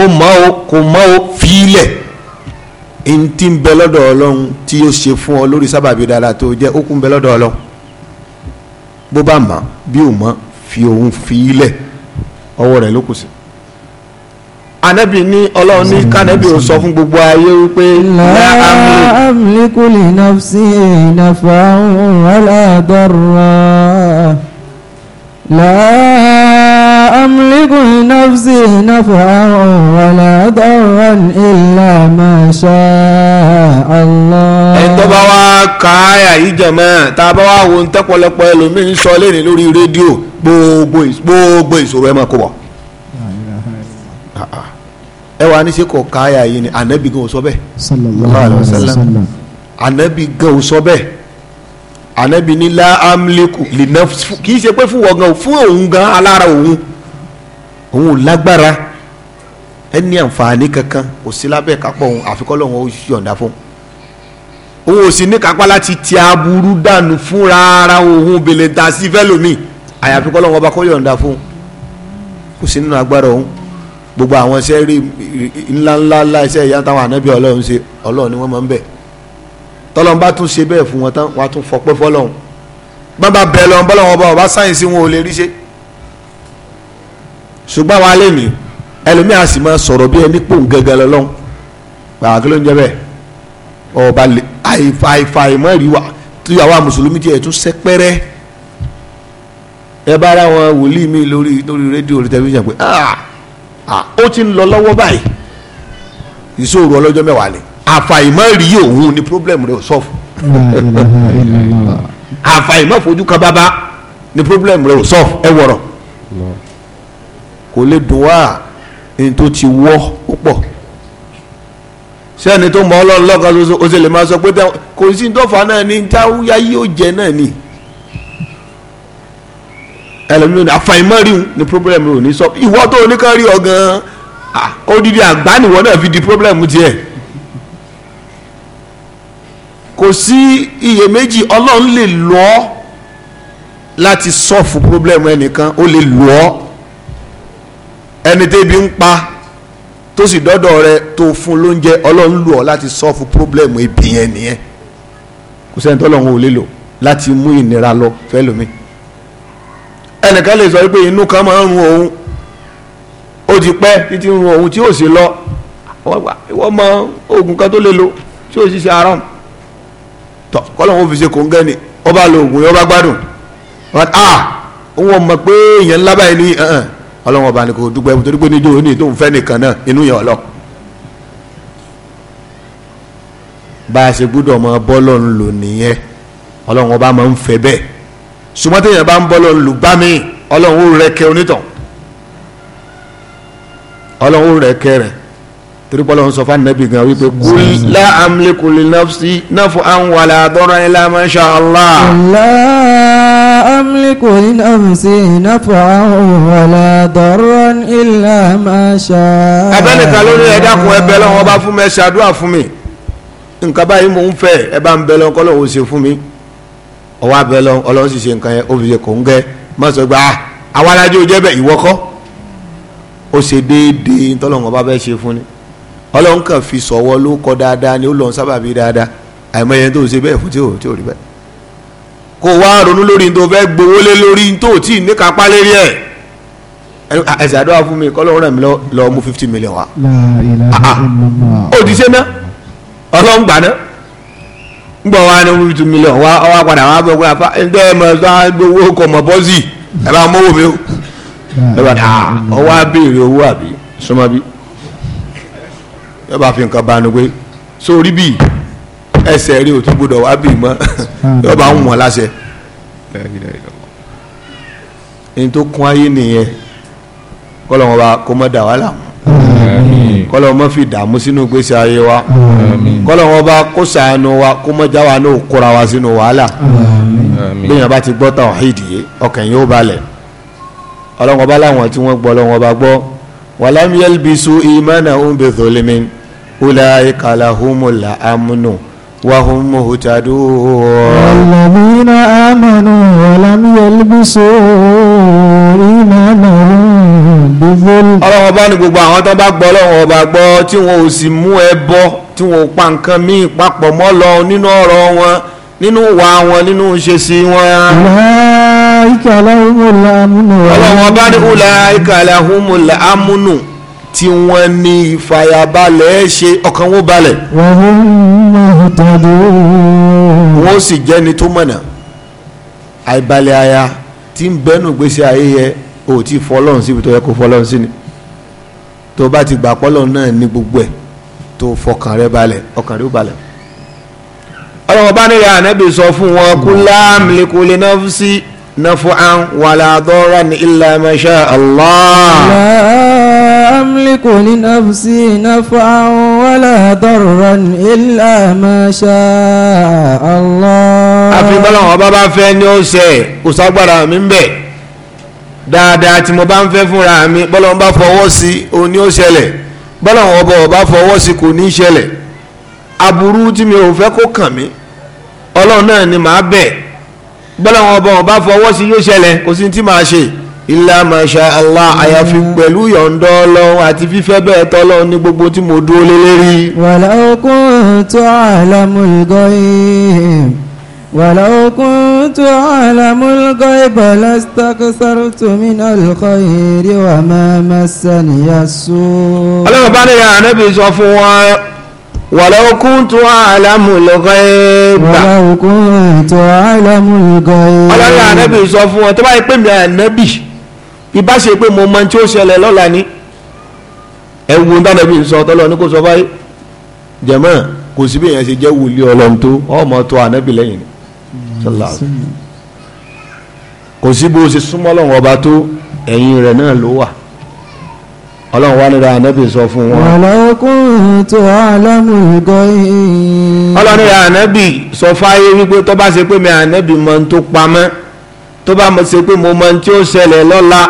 ó mọ̀ o kò mọ̀ o filẹ̀ n ti bẹ lọ́dọ̀ ọlọ́run tí yóò ṣe fún ọ lórí sábà bíi dáadáa tó jẹ́ ó kún bẹ lọ́dọ̀ ọlọ́run bó bá mọ̀ bí ò mọ̀ fi òun filẹ̀ ọwọ́ rẹ̀ ló kù sí anabi ní ọlọ́run ní kánẹ́bì ò sọ fún gbogbo ayé wípé láàmì kùlì nàfsí ìnàfà aláàdọ́rà láàmì kùlì nàfsí ìnàfà aláàdọ́rà ilà máṣá Allah. ẹ̀ tó bá wá káyà yìí jẹ̀mọ́ tá a bá wá wo ń tẹ́pọ̀lọpọ̀ ẹlòmíín sọ lẹ́nu lórí rédíò gbogbo ìṣòro ẹ̀ máa kó ẹ wà ní sẹ́kọ̀ káyà yìí ni ànábì gan ò sọ sallallahu alaihi wasallam ànábì gan ò sọ ní la amliku lina kì í ṣe pé fún wọ̀ngàn fún òun gan alára òun òun ò lágbára ẹ ní àǹfààní kankan kò sí lábẹ́ kápọ̀ òun àfikọ́ lọ́wọ́ ó yọ̀ǹda fún òun ò sì ní kápá láti ti aburú dànù fúnra ara òun bèlè dà sí fẹ́lòmíì àyàfikọ́ lọ́wọ́ ọba kó yọ̀ǹda fún kò sí nínú agbára òun gbogbo àwọn iṣẹ́ rí ńláńlá ńlá iṣẹ́ ìyá táwọn ànábì ọlọ́run ṣe ọlọ́run ni wọ́n máa ń bẹ̀ tọ́lọ́n bá tún ṣe bẹ́ẹ̀ fún wọn tán wọ́n á tún fọpẹ́ fọlọ́run bá bá bẹ̀ lọ́n bọ́lọ́run ọba ọba sáyẹ̀nsì wọn ò lè rí ṣe ṣùgbọ́n wa lè mí ẹlòmíà sì máa sọ̀rọ̀ bí ẹni pòun gẹ́gẹ́ lọ́lọ́run gbàgbà kí ló ń jẹ́ bẹ́ẹ̀ ọba àìfàìmọ́ ìrìwà tí àwa mùsùlùmí tiẹ̀ tún sẹ́pẹ́rẹ́ ẹ bá ara wọn wòlíì mi lórí lórí rédíò lórí tẹlifíṣàn pé ah Ah, ó ti ń lọ lọ́wọ́ báyìí ìṣòro ọlọ́jọ́ mẹ́wàá ni àfàìmọ̀ rí òun ni problem rẹ̀ sọ́ọ̀fù àfàìmọ̀ fojú kan bábá ni problem rẹ̀ sọ́ọ̀fù ẹ wọ̀rọ̀ kò lè dùn wá ẹni tó ti wọ́ púpọ̀ ṣé tó mọ ọlọ́run lọ́kan ṣoṣo ó sì lè máa sọ pé kò sí dọ́fà náà ní táwáyé ó jẹ náà ni ẹlòmíràn ní àfàìmọ́ ríhun ni problem rò ní sọ ìwọ tó oníkan rí ọ gan odidi àgbá nìwọ náà fi di problem tiẹ̀ kò sí iyèméjì ọlọ́run lè lọ ọ́ láti sọ́ọ̀fù problem ẹnìkan ó lè lọ ọ́ ẹni tẹ́bi ń pa tó sì dọ́dọ̀ rẹ tó fún lóúnjẹ ọlọ́run lù ọ́ láti sọ́ọ̀fù problem ibi yẹn nìyẹn kò sẹ́ni tọ́lọ́run ò lè lò láti mú ìnira lọ fẹ́ lómi ẹnìkan lè sọ pé inú kan máa ń run òun ó ti pẹ́ títí run òun tí ò sí lọ wọ́n mọ oògùn kan tó lè lo tí ò sì ṣe aram tọ kọ́lọ́n fi ṣe kóńgẹ́ ni ó bá lo oògùn yẹn ó bá gbádùn ah wọ́n mọ̀ pé èèyàn ńlá báyìí ní ọlọ́wọ́n ọba ni dúpẹ́ torí pé níjó ní ìtòun fẹ́ nìkan náà inú yẹn ọlọ́ bá a ṣe gbúdọ̀ mọ bọ́ọ̀lù lò nìyẹn ọlọ́wọ́n ọba máa ń fẹ́ bẹ́ẹ̀ ṣùgbọ́n téèyàn bá ń bọ́ lọ lùgbàmí ọlọ́run ó rẹ̀ kẹ́ onítàn ọlọ́run ó rẹ̀ kẹ́ rẹ̀ torípọ̀ lọ́run sọ fún anabi gan wípé kul la amliku li nafsi naf'an wala darran illa ma sha Allah. la amliku li nafsi naf'an wala darran illa ma sha Allah. abẹ́nìkan lórí ẹ̀dá kun ẹbẹ̀ lọ́wọ́ bá fún mi ẹ̀ ṣàdúrà fún mi nǹkan báyìí mò ń fẹ́ ẹ bá ń bẹ lọ́kọ́ lọ́wọ́ ṣe fún mi ọwọ́ abẹ́ lọ ọlọ́run sì ṣe nǹkan yẹn obìnrin kò ń gẹ́ mọ́sọ̀ gba ah, àwa alájọ jẹ́ bẹ́ẹ̀ ìwọ kọ́ ó ṣe déédéé tọ́lọ́run ọba bẹ́ẹ̀ ṣe fún ni ọlọ́run kàn fi sọ̀wọ́ ló kọ́ dáadáa ni ó lọ́n sábàbí dáadáa àìmọye tó ṣe bẹ́ẹ̀ fún tí ò tí ò rí bẹ́ẹ̀ kó wá ronú lórí tó fẹ́ gbowó lé lórí tó tì ní kápá lérí ẹ̀ ẹ̀sẹ̀ ah, àdúrà fún mi kọ́lọ́run rẹ̀ mi lọ mú fifty million wa ah, ó ti ṣe ná ọlọ́run gbà náà ngbọ wa ni wúlùtù mílíọ̀n wa wa padà wa bọ̀ pé àfa ẹ̀ ẹ̀ mọ̀ ẹ̀ owó kọ̀ mọ̀ bọ́sì ẹ̀ bá mọ̀ wò mí o ẹ̀ bá ta ah, ọwọ́ abéèrè owó àbí sọmọ bí ẹ̀ bá fi nǹkan bá nu pé sórí bíi ẹsẹ̀ rí o tún gbọdọ̀ wá bì mọ́ ah. ẹ̀ bá ń wọ̀n láṣẹ. ẹni tó kún ayé nìyẹn kọ́ lọ́wọ́ wa kó mọ́ dà wá láwọn kọ́lọ̀ mọ́ fi dààmú sínú gbèsè ayé wa kọ́lọ̀ wọn bá kó sàánú wa kó mọ́já wa náà kóra wa sínú wàhálà bẹ́ẹ̀ bá ti gbọ́ tàn hídì yé ọkàn yóò balẹ̀ ọlọ́wọ́n bá láwọn tí wọ́n gbọ́ ọlọ́wọ́n bá gbọ́ walam yalbisu imanahum bidhulmin ulaika lahumul amnu وهم مهتدون الذين آمنوا ولم يلبسوا إيمانهم ọlọ́run ọba ní gbogbo àwọn tó bá gbọ́ ọlọ́run ọba gbọ́ tí wọn ò sì mú ẹbọ tí wọn ò pa nǹkan míì papọ̀ mọ́ lọ nínú ọ̀rọ̀ wọn nínú ìwà wọn nínú ìṣesí wọn. ọlọ́run ọba ní ulaika lahumul amnu tí wọ́n ní ìfàyàbalẹ̀ ṣe ọkàn wọn balẹ̀. wọ́n sì jẹ́ni tó mọ̀nà àìbalẹ̀ aya tí ń bẹ́nu gbèsè ayé o ò tí ì fọlọ́run síbi tó yẹ kó fọlọ́run sí ni tó o bá ti gbà pọ́lọ́run náà ní gbogbo ẹ̀ tó o fọkàn rẹ balẹ̀ ọkàn rẹ ó balẹ̀. ọlọ́wọ́n bá nílẹ̀ ànábì sọ fún wọn kú láàmìlì kò lè náà fún sí wàlà àdọ́rà ní illa ma sha Allah. láàmìlìkò ní nafsi nafu'an wàlà àdọ́rà ní illa ma sha àfi bọ́lá wọn bá bá fẹ́ ni ó ṣe kò ságbára mi ń bẹ̀ dáadáa tí mo bá ń fẹ́ fúnra mi bọ́lọ́n bá fọwọ́ sí òun ni ó ṣẹlẹ̀ bọ́lọ́n ọba ọba fọwọ́ sí kò ní í ṣẹlẹ̀ aburú tí mi ò fẹ́ kó kàn mí ọlọ́run náà ni màá bẹ̀ bọ́lọ́n ọba ọba fọwọ́ sí yóò ṣẹlẹ̀ kò sí tí màá ṣe ilá masha allah àyàfi pẹ̀lú yọ̀ǹdọ́ ọlọ́run àti fífẹ́ bẹ́ẹ̀ tọ́lọ́run ní gbogbo tí mo dúró lé lérí. wàlá okun tó àlàmú ìgọ́ ولو كنت أعلم الغيب لاستكثرت من الخير وما مسني السوء ọlọ́run bá ní ya ànábì sọ fún wọn ولو كنت أعلم الغيب ولو كنت أعلم الغيب ọlọ́run ànábì sọ fún wọn tó bá yẹ pé mi ànábì ìbá ṣe pé mo mọ tí ó ṣẹlẹ̀ lọ́la ni ẹ̀wù dánàbì sọ tọ́lọ́ ní kò sọ báyìí jẹ̀mọ́ kò sí bí èèyàn ṣe jẹ́ wòlíì ọlọ́run tó ọmọ tó ànábì lẹ́yìn ni kò sí bó ṣe súnmọ́ ọlọ́run ọba tó ẹ̀yìn rẹ̀ náà ló wà ọlọ́run wá nílá ànábì sọ fún wọn. ọlọ́kùnrin tó alámù ìgọ́ yìí. ọlọ́run nílá ànábì sọ fáyé wípé tó bá ṣe pé mi ànábì mọ ohun tó pamọ́ tó bá ṣe pé mo mọ tí ó ṣẹlẹ̀ lọ́la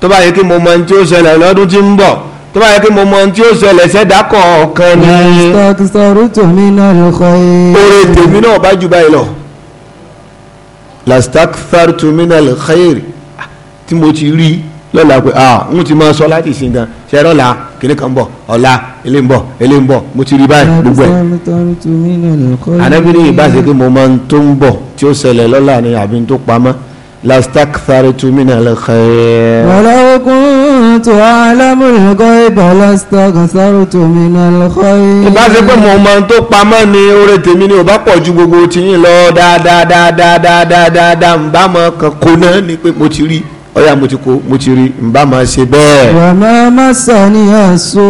tó bá yẹ kí mo mọ tí ó ṣẹlẹ̀ lọ́dún tí ń bọ̀ tó bá yẹ kí mo mọ tí ó ṣẹlẹ̀ sẹ́dá kọ̀ọ̀kan ni. ìṣàkíṣàrú tòmí náà ló kọ́ yìí. oore tèmi náà bá jù báyìí lọ lastakfartu minal khair tí mo ti rí lọ́la pé ah n ti máa sọ láti ìsìn gan ṣe lọ́la kìnìún kan bọ̀ ọ̀la ilé ń bọ̀ ilé ń bọ̀ mo ti rí báyìí gbogbo ẹ̀. anábìrin ìbáṣe pé mo máa ń tó ń bọ̀ tí ó ṣẹlẹ̀ lọ́la ni àbí tó pamọ́ lastakfartu minal khair. wàlá okun كنت أعلم الغيب لاستكثرت من الخير. ìbá ṣe pé mo mọ tó pamọ́ ni oore tèmi ni ò bá pọ̀ ju gbogbo tìyín lọ dáadáa dáadáa ń bá mọ kan kó ni pé mo ti rí ọyà mo ti kó mo ti rí n bá máa ṣe bẹ́ẹ̀. wà má ṣàníyàn so.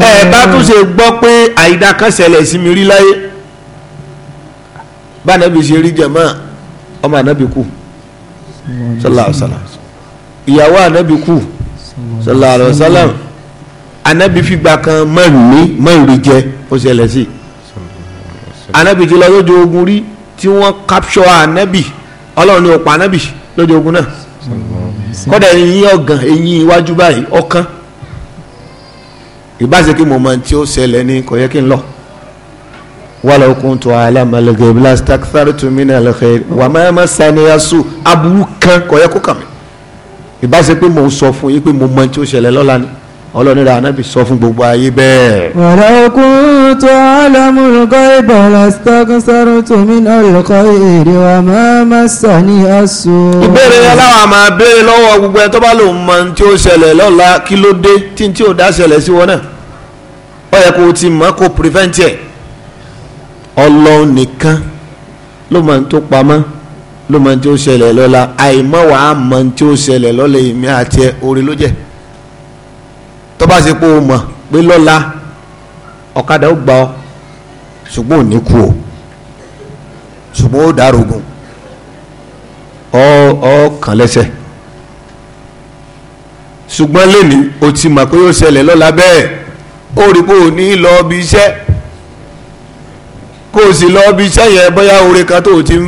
ẹ bá tún ṣe gbọ́ pé àìdá kan ṣẹlẹ̀ sí mi rí láyé bá ànábì ṣe rí jẹ̀mọ́ ọmọ ànábì kú sọlá ọ̀sán ìyàwó ànábì kú sallallahu alayhi wa sallam anabi fìgbà kan mọ̀rìnmí mọ̀rìnmí jẹ ó ṣẹlẹ̀ sí anabi ti lọ lójú ogun rí tí wọ́n capture anabi ọlọ́run ni ó pa anabi lójú ogun náà kọ́dà eyín ọ̀gàn eyín iwájú báyìí ọ̀kan ìbáṣekí mọ̀mọ́ tí ó ṣẹlẹ̀ ní kò yẹ kí n lọ. walaw kuntu a'lamu al-ghayba lastakthartu mina al-khayr wa ma massaniya su aburú kan kò yẹ kó kàn mí ìbá ṣe pé mo sọ fún yín pé mo mọ tí ó ṣẹlẹ̀ lọ́la ni ọlọ́nira anábì sọ fún gbogbo ayé bẹ́ẹ̀. wàrà okun tó alámúlùkọ́ ìbọ̀lá stọ́kùn sọ́run tòmí náà lọ́kọ́ èrè wa máa ma sà ní aṣọ. ìbéèrè aláwọ̀ àmà béèrè lọ́wọ́ gbogbo ẹ tó bá lòun mọ tí ó ṣẹlẹ̀ lọ́la kí ló dé tí tí ò dá ṣẹlẹ̀ sí wọn náà ó yẹ kó o ti mọ̀ kó prevent ẹ̀ ọlọ́run nìkan ló mọ̀ tó pamọ́. ló mọ tí ó ṣẹlẹ̀ lọ́la àìmọ́ wà á tí ó ṣẹlẹ̀ lọ́la èmi àti ẹ orí ló jẹ́ tó o mọ̀ pé lọ́la ọ̀kadà ó gbà ọ́ ní kú o ṣùgbọ́n ó ọ ọ kàn lẹ́sẹ̀ ṣùgbọ́n lẹ́ni o ti mọ̀ pé yóò ṣẹlẹ̀ lọ́la bẹ́ẹ̀ o ní lọ iṣẹ́ o sì lọ iṣẹ́ yẹn bóyá o ti ń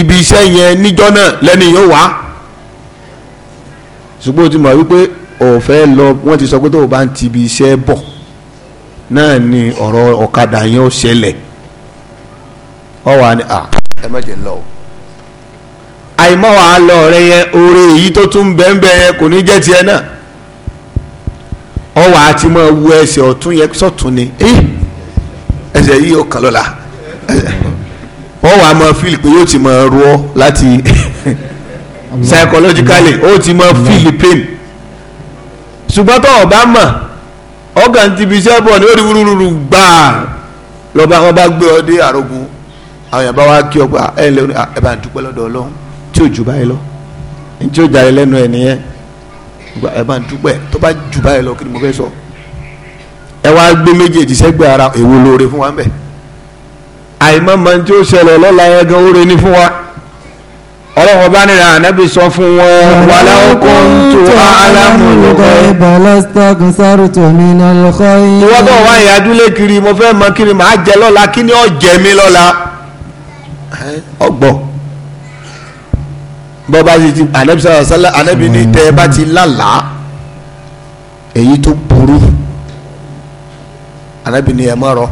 ibi iṣẹ́ yẹn níjọ́ náà lẹ́ni yóò wá ṣùgbọ́n o ti mọ̀ wípé ọ̀fẹ́ lọ wọ́n ti sọ pé tó o bá ń ti iṣẹ́ bọ̀ náà ni ọ̀rọ̀ ọ̀kadà yẹn ó ṣẹlẹ̀ ọ wà ní ẹ má lọ àìmọ́ wàá lọ ọ̀rẹ́ yẹn oore èyí tó tún bẹ́ẹ̀ yẹn kò ní jẹ́ tiẹ̀ náà ọwọ́ àti mọ̀ wu ẹsẹ̀ ọ̀tún yẹn sọ̀tún ni ẹsẹ̀ yìí ó kàn lọ́la wọ́n wàá mọ fíìlì pé yóò ti mọ rọ́ láti psychologically ó ti mọ fíìlì pain ṣùgbọ́n tó o bá mọ̀ ọ̀gàn ti fi iṣẹ́ bọ̀ ní orí wúrúwúrú gbàá lọ́ba wọn bá gbé ọ dé àrògùn àwọn yàrá bá wá kí ọ pé ẹ ǹlẹ́ oní ẹ bá ń dúpẹ́ lọ́dọ̀ ọlọ́run tí ò jù báyìí lọ ní tí ò jáde lẹ́nu ẹ̀ nìyẹn ẹ bá ń dúpẹ́ tó bá jù báyìí lọ kí ni mo fẹ́ sọ ẹ wá gbé méjèèjì sẹ́gbẹ̀ẹ́ ara èwo lóore fún wa ń bẹ̀ àìmọ́ mọ́ tí ó ṣẹlẹ̀ lọ́la yẹn gan oore ní fún wa ọlọ́run ọba nira ànábì sọ fún wọn wà láwùkún tó alámù lọ́kọ́ ìbálẹ́sítọ́gùn sárùtò mi náà lọ́kọ́ yìí. ìwọ́n bọ̀ wá ìyájúlé kiri mo fẹ́ mọ kí màá jẹ lọ́la kí ni ó jẹ mí lọ́la ọgbọ́n bọ́ba yìí ti ànábì sọ̀rọ̀ sálẹ̀ ànábì ní tẹ́ ẹ bá ti lálàá èyí tó burú ànábì ní ẹ mọ̀ rọ̀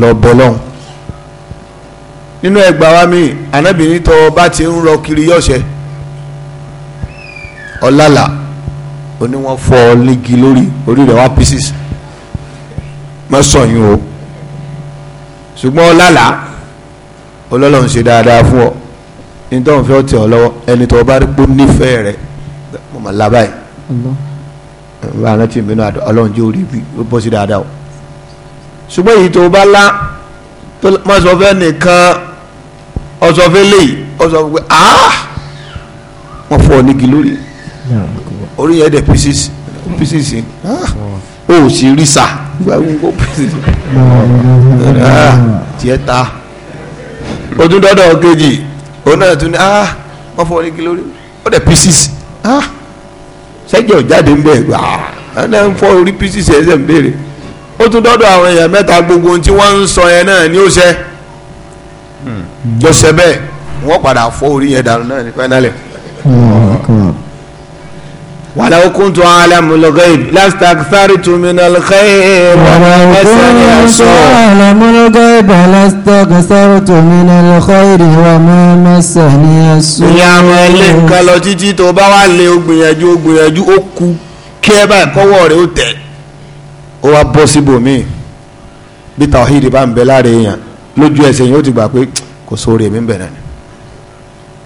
lọ bọ́ lọ́hùn nínú ẹgbàá wa mi anábìíní tọ́ ọ bá ti ń rọ kiri yọ̀ṣẹ́ ọ̀làlà ó ní wọ́n fọ́ ọ légi lórí orí rẹ̀ wá pieces mọ́sàn-yín o ṣùgbọ́n ọ̀làlà ọlọ́lọ́run ṣe dáadáa fún ọ ní tó ń fẹ́ tẹ̀ ọ lọ́wọ́ ẹni tó bá rí pé nífẹ̀ẹ́ rẹ̀ mọ̀mọ́ làbáyé bá a rántí mi náà ọlọ́run jẹ́ orí bí ó bọ́ sí dáadáa o ṣùgbọ́n èyí tó bá lá tó má sọ fẹ́ nìkan ọsọ fẹ́ léyìí ọsọ fẹ́ ah wọ́n fọ́ ọ nígi lórí orí yẹn dẹ̀ pieces pieces ah o ò sì rí sa gbàgbọ́ pieces ah tiẹ̀ ta o tún dọ́dọ̀ kejì òun náà tún ní ah wọ́n fọ́ ọ nígi lórí ó dẹ̀ pieces ah sẹ́jọ̀ jáde ń bẹ̀ ah ẹ̀ náà ń fọ́ orí pieces ẹ̀ ẹ̀ ń béèrè ó tún dọ́dọ̀ àwọn èèyàn mẹ́ta gbogbo tí wọ́n ń sọ yẹn náà ní òṣẹ́ hmm. lọ́sẹ̀ bẹ́ẹ̀ wọ́n padà fọ́ orí yẹn dànù náà ní fẹ́nálẹ̀. ولو كنت أعلم الغيب لاستكثرت من الخير ولو كنت أعلم الغيب لاستكثرت من الخير وما مسني السوء. ìyá àwọn ẹlẹ́ǹkan lọ títí tó bá wà lé ó gbìyànjú ó gbìyànjú kí ẹ báyìí kọ́wọ́ rẹ̀ ó tẹ̀ ó wá bọ́ síbòmíì bí tawhid bá ń bẹ láre èèyàn lójú ẹsẹ̀ yìí ó ti gbà pé kò sóore èmi ń bẹ náà ni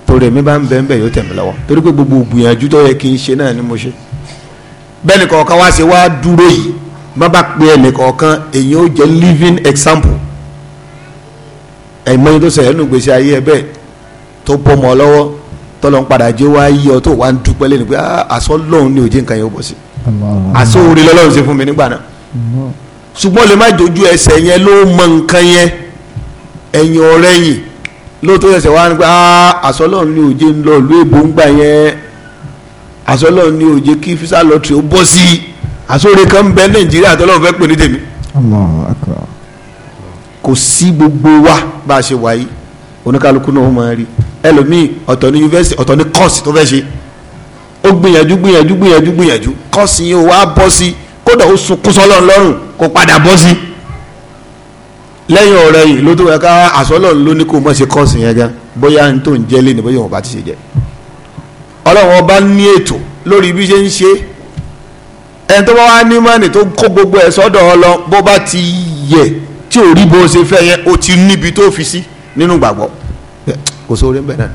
torí èmi bá ń bẹ ń bẹ yóò tẹ̀mí lọ́wọ́ torí pé gbogbo ògbìyànjú tó yẹ kí n ṣe náà ni mo ṣe bẹ́ẹ̀ ni kọ̀ọ̀kan wá ṣe wá dúró yìí bá bá pe ẹnì kọ̀ọ̀kan èyí ó jẹ́ living example ẹ̀mọ́ yìí tó ṣẹlẹ̀ nínú gbèsè ayé ẹ bẹ́ẹ̀ tó bọ́ mọ́ lọ́wọ́ tọ́lọ́ ń padà jẹ́ wá yí ọ tó wá ń dúpẹ́ lẹ́nu pé ah, àṣọ lọ́hùn ni òjì nǹkan yẹn ó bọ̀ sí àṣọ òrìlọ́lọ́hùn ṣe fún mi nígbà náà ṣùgbọ́n lè má dojú ẹsẹ̀ yẹn ló mọ nǹkan yẹn ẹ̀yìn ọ̀rẹ́yìn lóòótọ́ ẹsẹ̀ wa ń gbà àsọlọ́ ní ah, òjé ń lọ ìlú èbó ń gbà yẹn àsọlọ́ ní òjé kí fisa lọ́tìrì ó bọ́ sí i àsọ̀rẹ́ kan bẹ nàìjíríà tó lọ́wọ́ fẹ́ pè ní tèmi kò sí gbogbo wa bá a ṣe wáyé oníkálukú náà máa rí ẹlòmíì ọ̀tọ̀ ní yunifásitì ọ̀tọ̀ ní kọ́ọ̀sì tó fẹ́ ṣe ó gbìyànjú gbìyànjú gbìyànjú gbìyànjú kọ́ọ̀sì yìí ó wá bọ́ sí i kódà ó sunkún sọ́lọ́run lọ́rùn kó padà bọ́ sí lẹ́yìn ọ̀rẹ́ yìí ló tó yẹ ká àsọ́lọ́run ló ní kó mọ̀ ṣe kọ́ọ̀sì yẹn gan bóyá n tó ń jẹ́ lé ní bóyá wọn bá ti ṣe jẹ́ ọlọ́run ọba ní ètò lórí bí ṣe ń ṣe ẹni tó bá wá ní mọ́ni tó kó gbogbo ẹ̀ sọ́dọ̀ ọ lọ bó bá ti yẹ tí ò rí bó ṣe fẹ́ yẹn ó ti níbi tó fi sí nínú gbàgbọ́ kò sóore ń bẹ̀ náà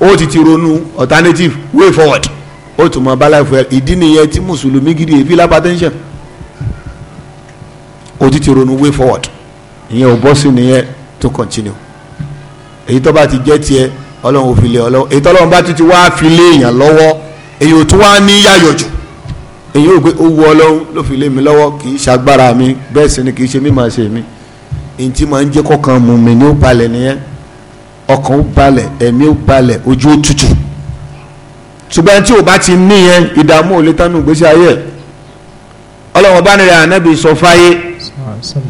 ó ti ti ronú alternative way forward o tún mọ bá láìfọ ìdí nìyẹn tí mùsùlùmí gidi èéfì lápá tẹ́ńṣẹ̀ Odi ti ti way forward ìyẹn ò bọ́ sí nìyẹn to continue èyí tó bá ti jẹ́ tiẹ̀ ọlọ́run ò fi lé ọlọ́run èyí tó ọlọ́run bá ti ti wá fi lé èèyàn lọ́wọ́ èyí ò tún wá ní yáyọ̀ jù èyí ò pé ó ọlọ́run ló fi lé mi lọ́wọ́ kì í ṣagbára mi bẹ́ẹ̀ sì ni kì í ṣe mí màá ṣe mi èyí tí màá ń jẹ́ kọ́kàn mú mi ní ó balẹ̀ nìyẹn ọkàn ó balẹ̀ ẹ̀mí ó balẹ̀ ojú ó tutù ṣùgbọ́n tí o bá ti ní ìdààmú ò lè tánú ìgbésí ayé ọlọ́run bá nira ànábì sọ fáyé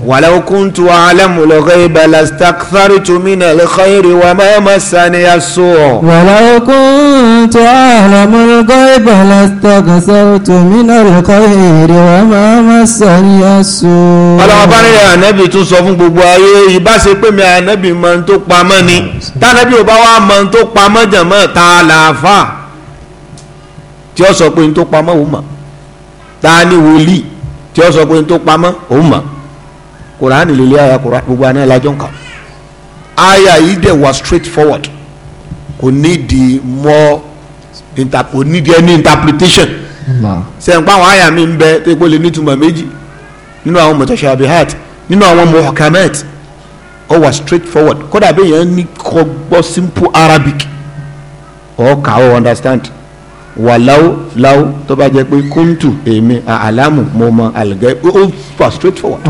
ولو كنت أعلم الغيب لاستكثرت من الخير وما مسني السوء ولو كنت أعلم الغيب لاستكثرت من الخير وما مسني السوء ọlọ́wọ́ bá rí ànábì tún sọ fún gbogbo ayé ìbá ṣe pé mi ànábì mọ tó pamọ́ ni tánábì ò bá wá mọ tó pamọ́ jẹ̀mọ́ ta làáfà tí ó sọ pé n tó pamọ́ òun mọ̀ ta ni wòlíì tí ó sọ pé n tó pamọ́ òun mọ̀ kùránì lè lé àyà kùránì gbogbo àná ìlàjọ nǹkan àyà yìí dẹ̀ wà straight forward kò ní di more inter kò ní di any interpretation sẹ́yìnpá àwọn àyà mi ń bẹ tó kó lè nítumọ̀ méjì nínú àwọn mutashabihat nínú àwọn muhkamat ó wà straight forward kódà bẹ́ẹ̀ yẹn ní kọ́ gbọ́ simple Arabic ọ̀ kà ó understand wàláwó láwó tó bá jẹ pé kóńtù èmi àlámù mo mọ àlùgẹ ó fà straight forward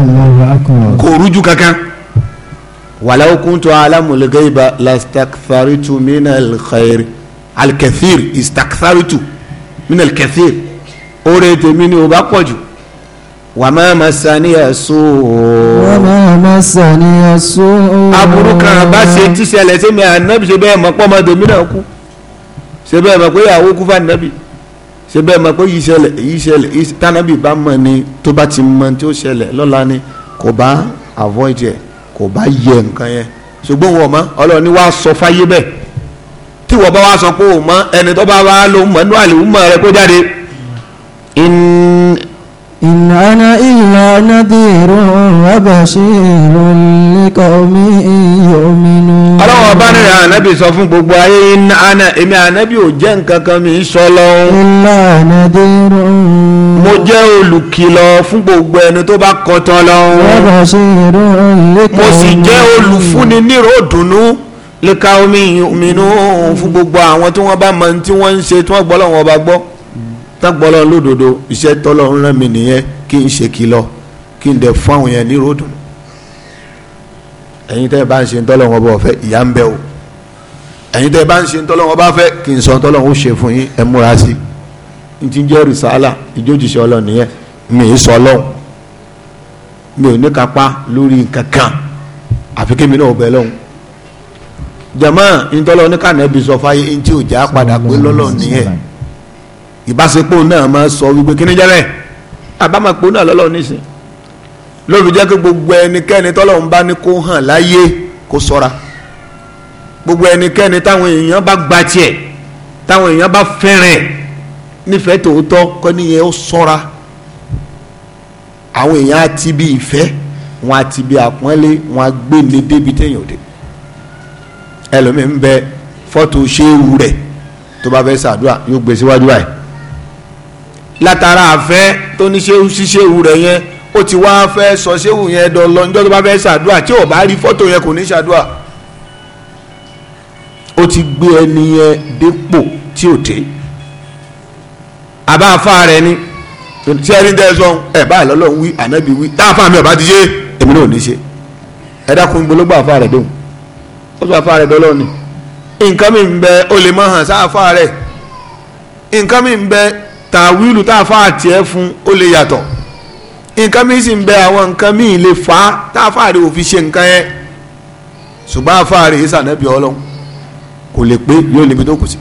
kò rújú kankan wàláwó kóńtù àlámù lùgẹ́ ibà lastaktharitu mina alkhairi alkathir istaktharitu mina alkathir oore tèmi ni o bá pọ̀ jù wàmà masaniya so. wàmà masaniya so. aburú kan bá ṣe tíṣẹlẹ̀ sí mi ànábìṣe bẹ́ẹ̀ mọ̀ pọ́ mọ́ tèmi kú ṣe bẹ́ẹ̀ mọ̀ pé ìyàwó kú fún ànábì ṣe bẹ́ẹ̀ mọ̀ pé yìí ṣẹlẹ̀ èyí ṣẹlẹ̀ tánábì bá mọ̀ ni tó bá ti mọ̀ tí ó ṣẹlẹ̀ lọ́la ni kò ba avoid yẹ kò bá yẹ nǹkan yẹn ṣùgbọ́n wọn mọ ọlọ́run ni wàá sọ fáyé bẹ́ẹ̀ tí wọ́n bá wàá sọ pé òun mọ ẹni tó bá wàá lóun mọ̀ nínú àlè إن أنا إلا نذير وبشير لقوم يؤمنون ọlọ́wọ́ bá nìyà ànábì sọ fún gbogbo ayé iná àná èmi ànábì ò jẹ́ nǹkan kan mi sọ lọ́wọ́. ilá nadir. mo jẹ́ olùkìlọ̀ fún gbogbo ẹni tó bá kọtán lọ́wọ́. وبشير لقوم mo sì jẹ́ olùfúnni nírò dùnú lika omi ìhùnmínú fún gbogbo àwọn tí wọ́n bá mọ̀ tí wọ́n ń ṣe tí wọ́n gbọ́ lọ́wọ́ ọba gbọ́ tágbọ́lọ́ lódodo iṣẹ́ tọ́lọ́ ń rán mi nìyẹn kí n ṣe kìlọ̀ kí n dẹ̀ fún àwọn yẹn ní ròdùn ẹ̀yin tẹ́ ẹ bá ń ṣe tọ́lọ́ wọn bọ̀ fẹ́ ìyá ń bẹ o ẹ̀yin tẹ́ ẹ bá ń ṣe tọ́lọ́ wọn bá fẹ́ kí n sọ tọ́lọ́ wọn ó ṣe fún yín ẹ múra sí i n ti jẹ́ rìsálà ìjójúṣe ọlọ́run nìyẹn mi ì sọ ọlọ́run mi ò ní kápá lórí nǹkan kan àfi kí mi náà bẹ lọ́hùn jama ntọ́lọ́ oníkànnẹ́bí sọ fáyé ntí ò já padà pé lọ́lọ́ nìyẹn ìbáṣepọ̀ náà máa sọ wípé kí ni jẹ́ bẹ́ẹ̀ àbámọ̀pọ̀ náà lọ́lọ́ nísìn lórí jẹ́ pé gbogbo ẹnikẹ́ni tọ́lọ́run bá ní kó hàn láyé kó sọ́ra gbogbo ẹnikẹ́ni táwọn èèyàn bá gba tiẹ̀ táwọn èèyàn bá fẹ́rẹ̀ nífẹ̀ẹ́ tòótọ́ kọ́ níyẹn ó sọ́ra àwọn èèyàn á ti bí ìfẹ́ wọn á ti bí àpọ́nlé wọn á gbé ní débi téèyàn òde ẹlòmíín bẹ fọ́tò ṣéwù rẹ̀ tó bá fẹ́ ṣàdúrà yóò gbé síwájú báyìí látara àfẹ́ tó ní ṣéwù ṣíṣéwù rẹ̀ yẹn ó ti wá fẹ́ sọ ṣéwù yẹn dán lọ níjọ́ tó bá fẹ́ ṣàdúrà tí ò bá rí fọ́tò yẹn kò ní ṣàdúrà ó ti gbé ẹni yẹn dépò tí ò dé àbá rẹ ni tí ẹni tẹ́ sọ ẹ báyìí lọ́lọ́run wí ànábì wí tá àfá mi ọ̀bá ti ṣe èmi náà ò ní ṣe ẹ dákun gbólógbó àfá rẹ dóhùn ó sọ àfá rẹ dọ́lọ́ ni nǹkan mi ń bẹ ó lè mọ hàn sáà àfá rẹ nǹkan mi ń bẹ tàwílù tá a fa àtiẹ̀ fún ó lè yàtọ̀ nǹkan mi sì ń bẹ àwọn nǹkan mi lè fà á tá a fa rè òfin ṣe nǹkan yẹn ṣùgbọ́n a fa rè é sànẹ́bí ọlọ́run kò lè pé yóò níbi tó kù sí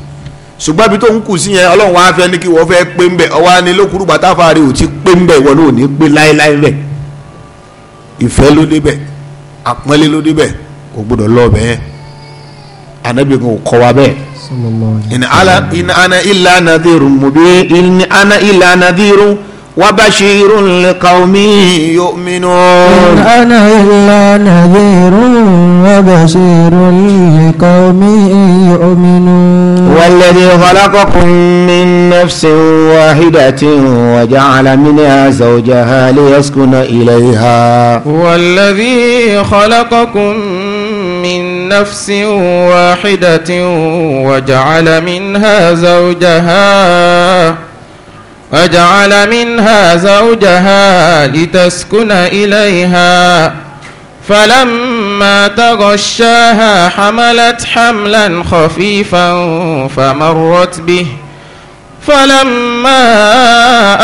ṣùgbọ́n ibi tó ń kù sí yẹn ọlọ́run wá fẹ́ ní kí wọ́n fẹ́ pé ń bẹ̀ ọwọ́ á ní lókùrú bàtà fa rè ò ti pé ń bẹ̀ ìwọ ló ní pé láéláé bẹ̀ ìfẹ́ ló débẹ̀ àpọ́nlé ló débẹ̀ kò gbọ́dọ̀ lọ́ọ̀ bẹ́ẹ̀ إن, على إن أنا إلا نذير مبين إن أنا إلا نذير وبشير لقوم يؤمنون إن أنا إلا نذير وبشير لقوم يؤمنون والذي خلقكم من نفس واحدة وجعل منها زوجها ليسكن إليها والذي خلقكم من نفس واحدة وجعل منها زوجها وجعل منها زوجها لتسكن إليها فلما تغشاها حملت حملا خفيفا فمرت به فلما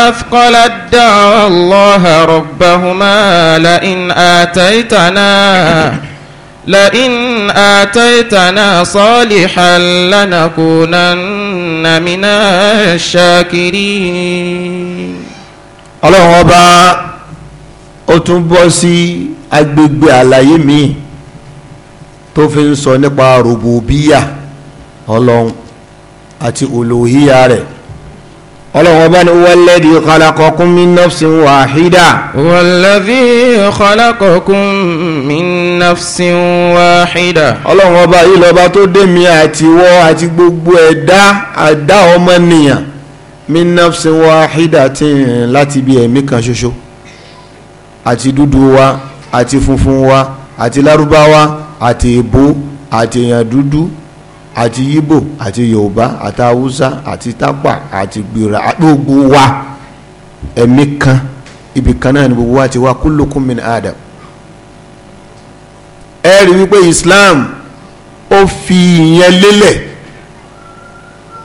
أثقلت دعا الله ربهما لئن آتيتنا لئن آتيتنا صالحا لنكونن من الشاكرين ọlọ́run ọba ó tún bọ́ sí agbègbè àlàyé mi tó fi ń sọ nípa rògbòbíyà ọlọ́run àti olóhíyà rẹ̀ ọlọ́run ọba ni wọ́lẹ́dì kọlákọ̀kún mi nọ́fsìn wàhídà. wọ́lẹ́dì kọlákọ̀kún mi nọ́fsìn wàhídà. ọlọ́run ọba yìí lọ́ba tó dé mi àti wọ́ àti gbogbo ẹ̀dá àdá ọmọnìyàn mi nọ́fsìn wàhídà ti rìn láti ibi ẹ̀mí kan ṣoṣo àti dúdú wa àti funfun wa àti lárúbáwá àti èbó àti èèyàn dúdú àti yíbò àti yorùbá àti haúsá àti tápà àti gbìrà gbogbo wa ẹ̀mí kan ibì kan náà ni gbogbo wa ti wá kullukum min adam ẹ rí wípé islam ó fi ìyẹn lélẹ̀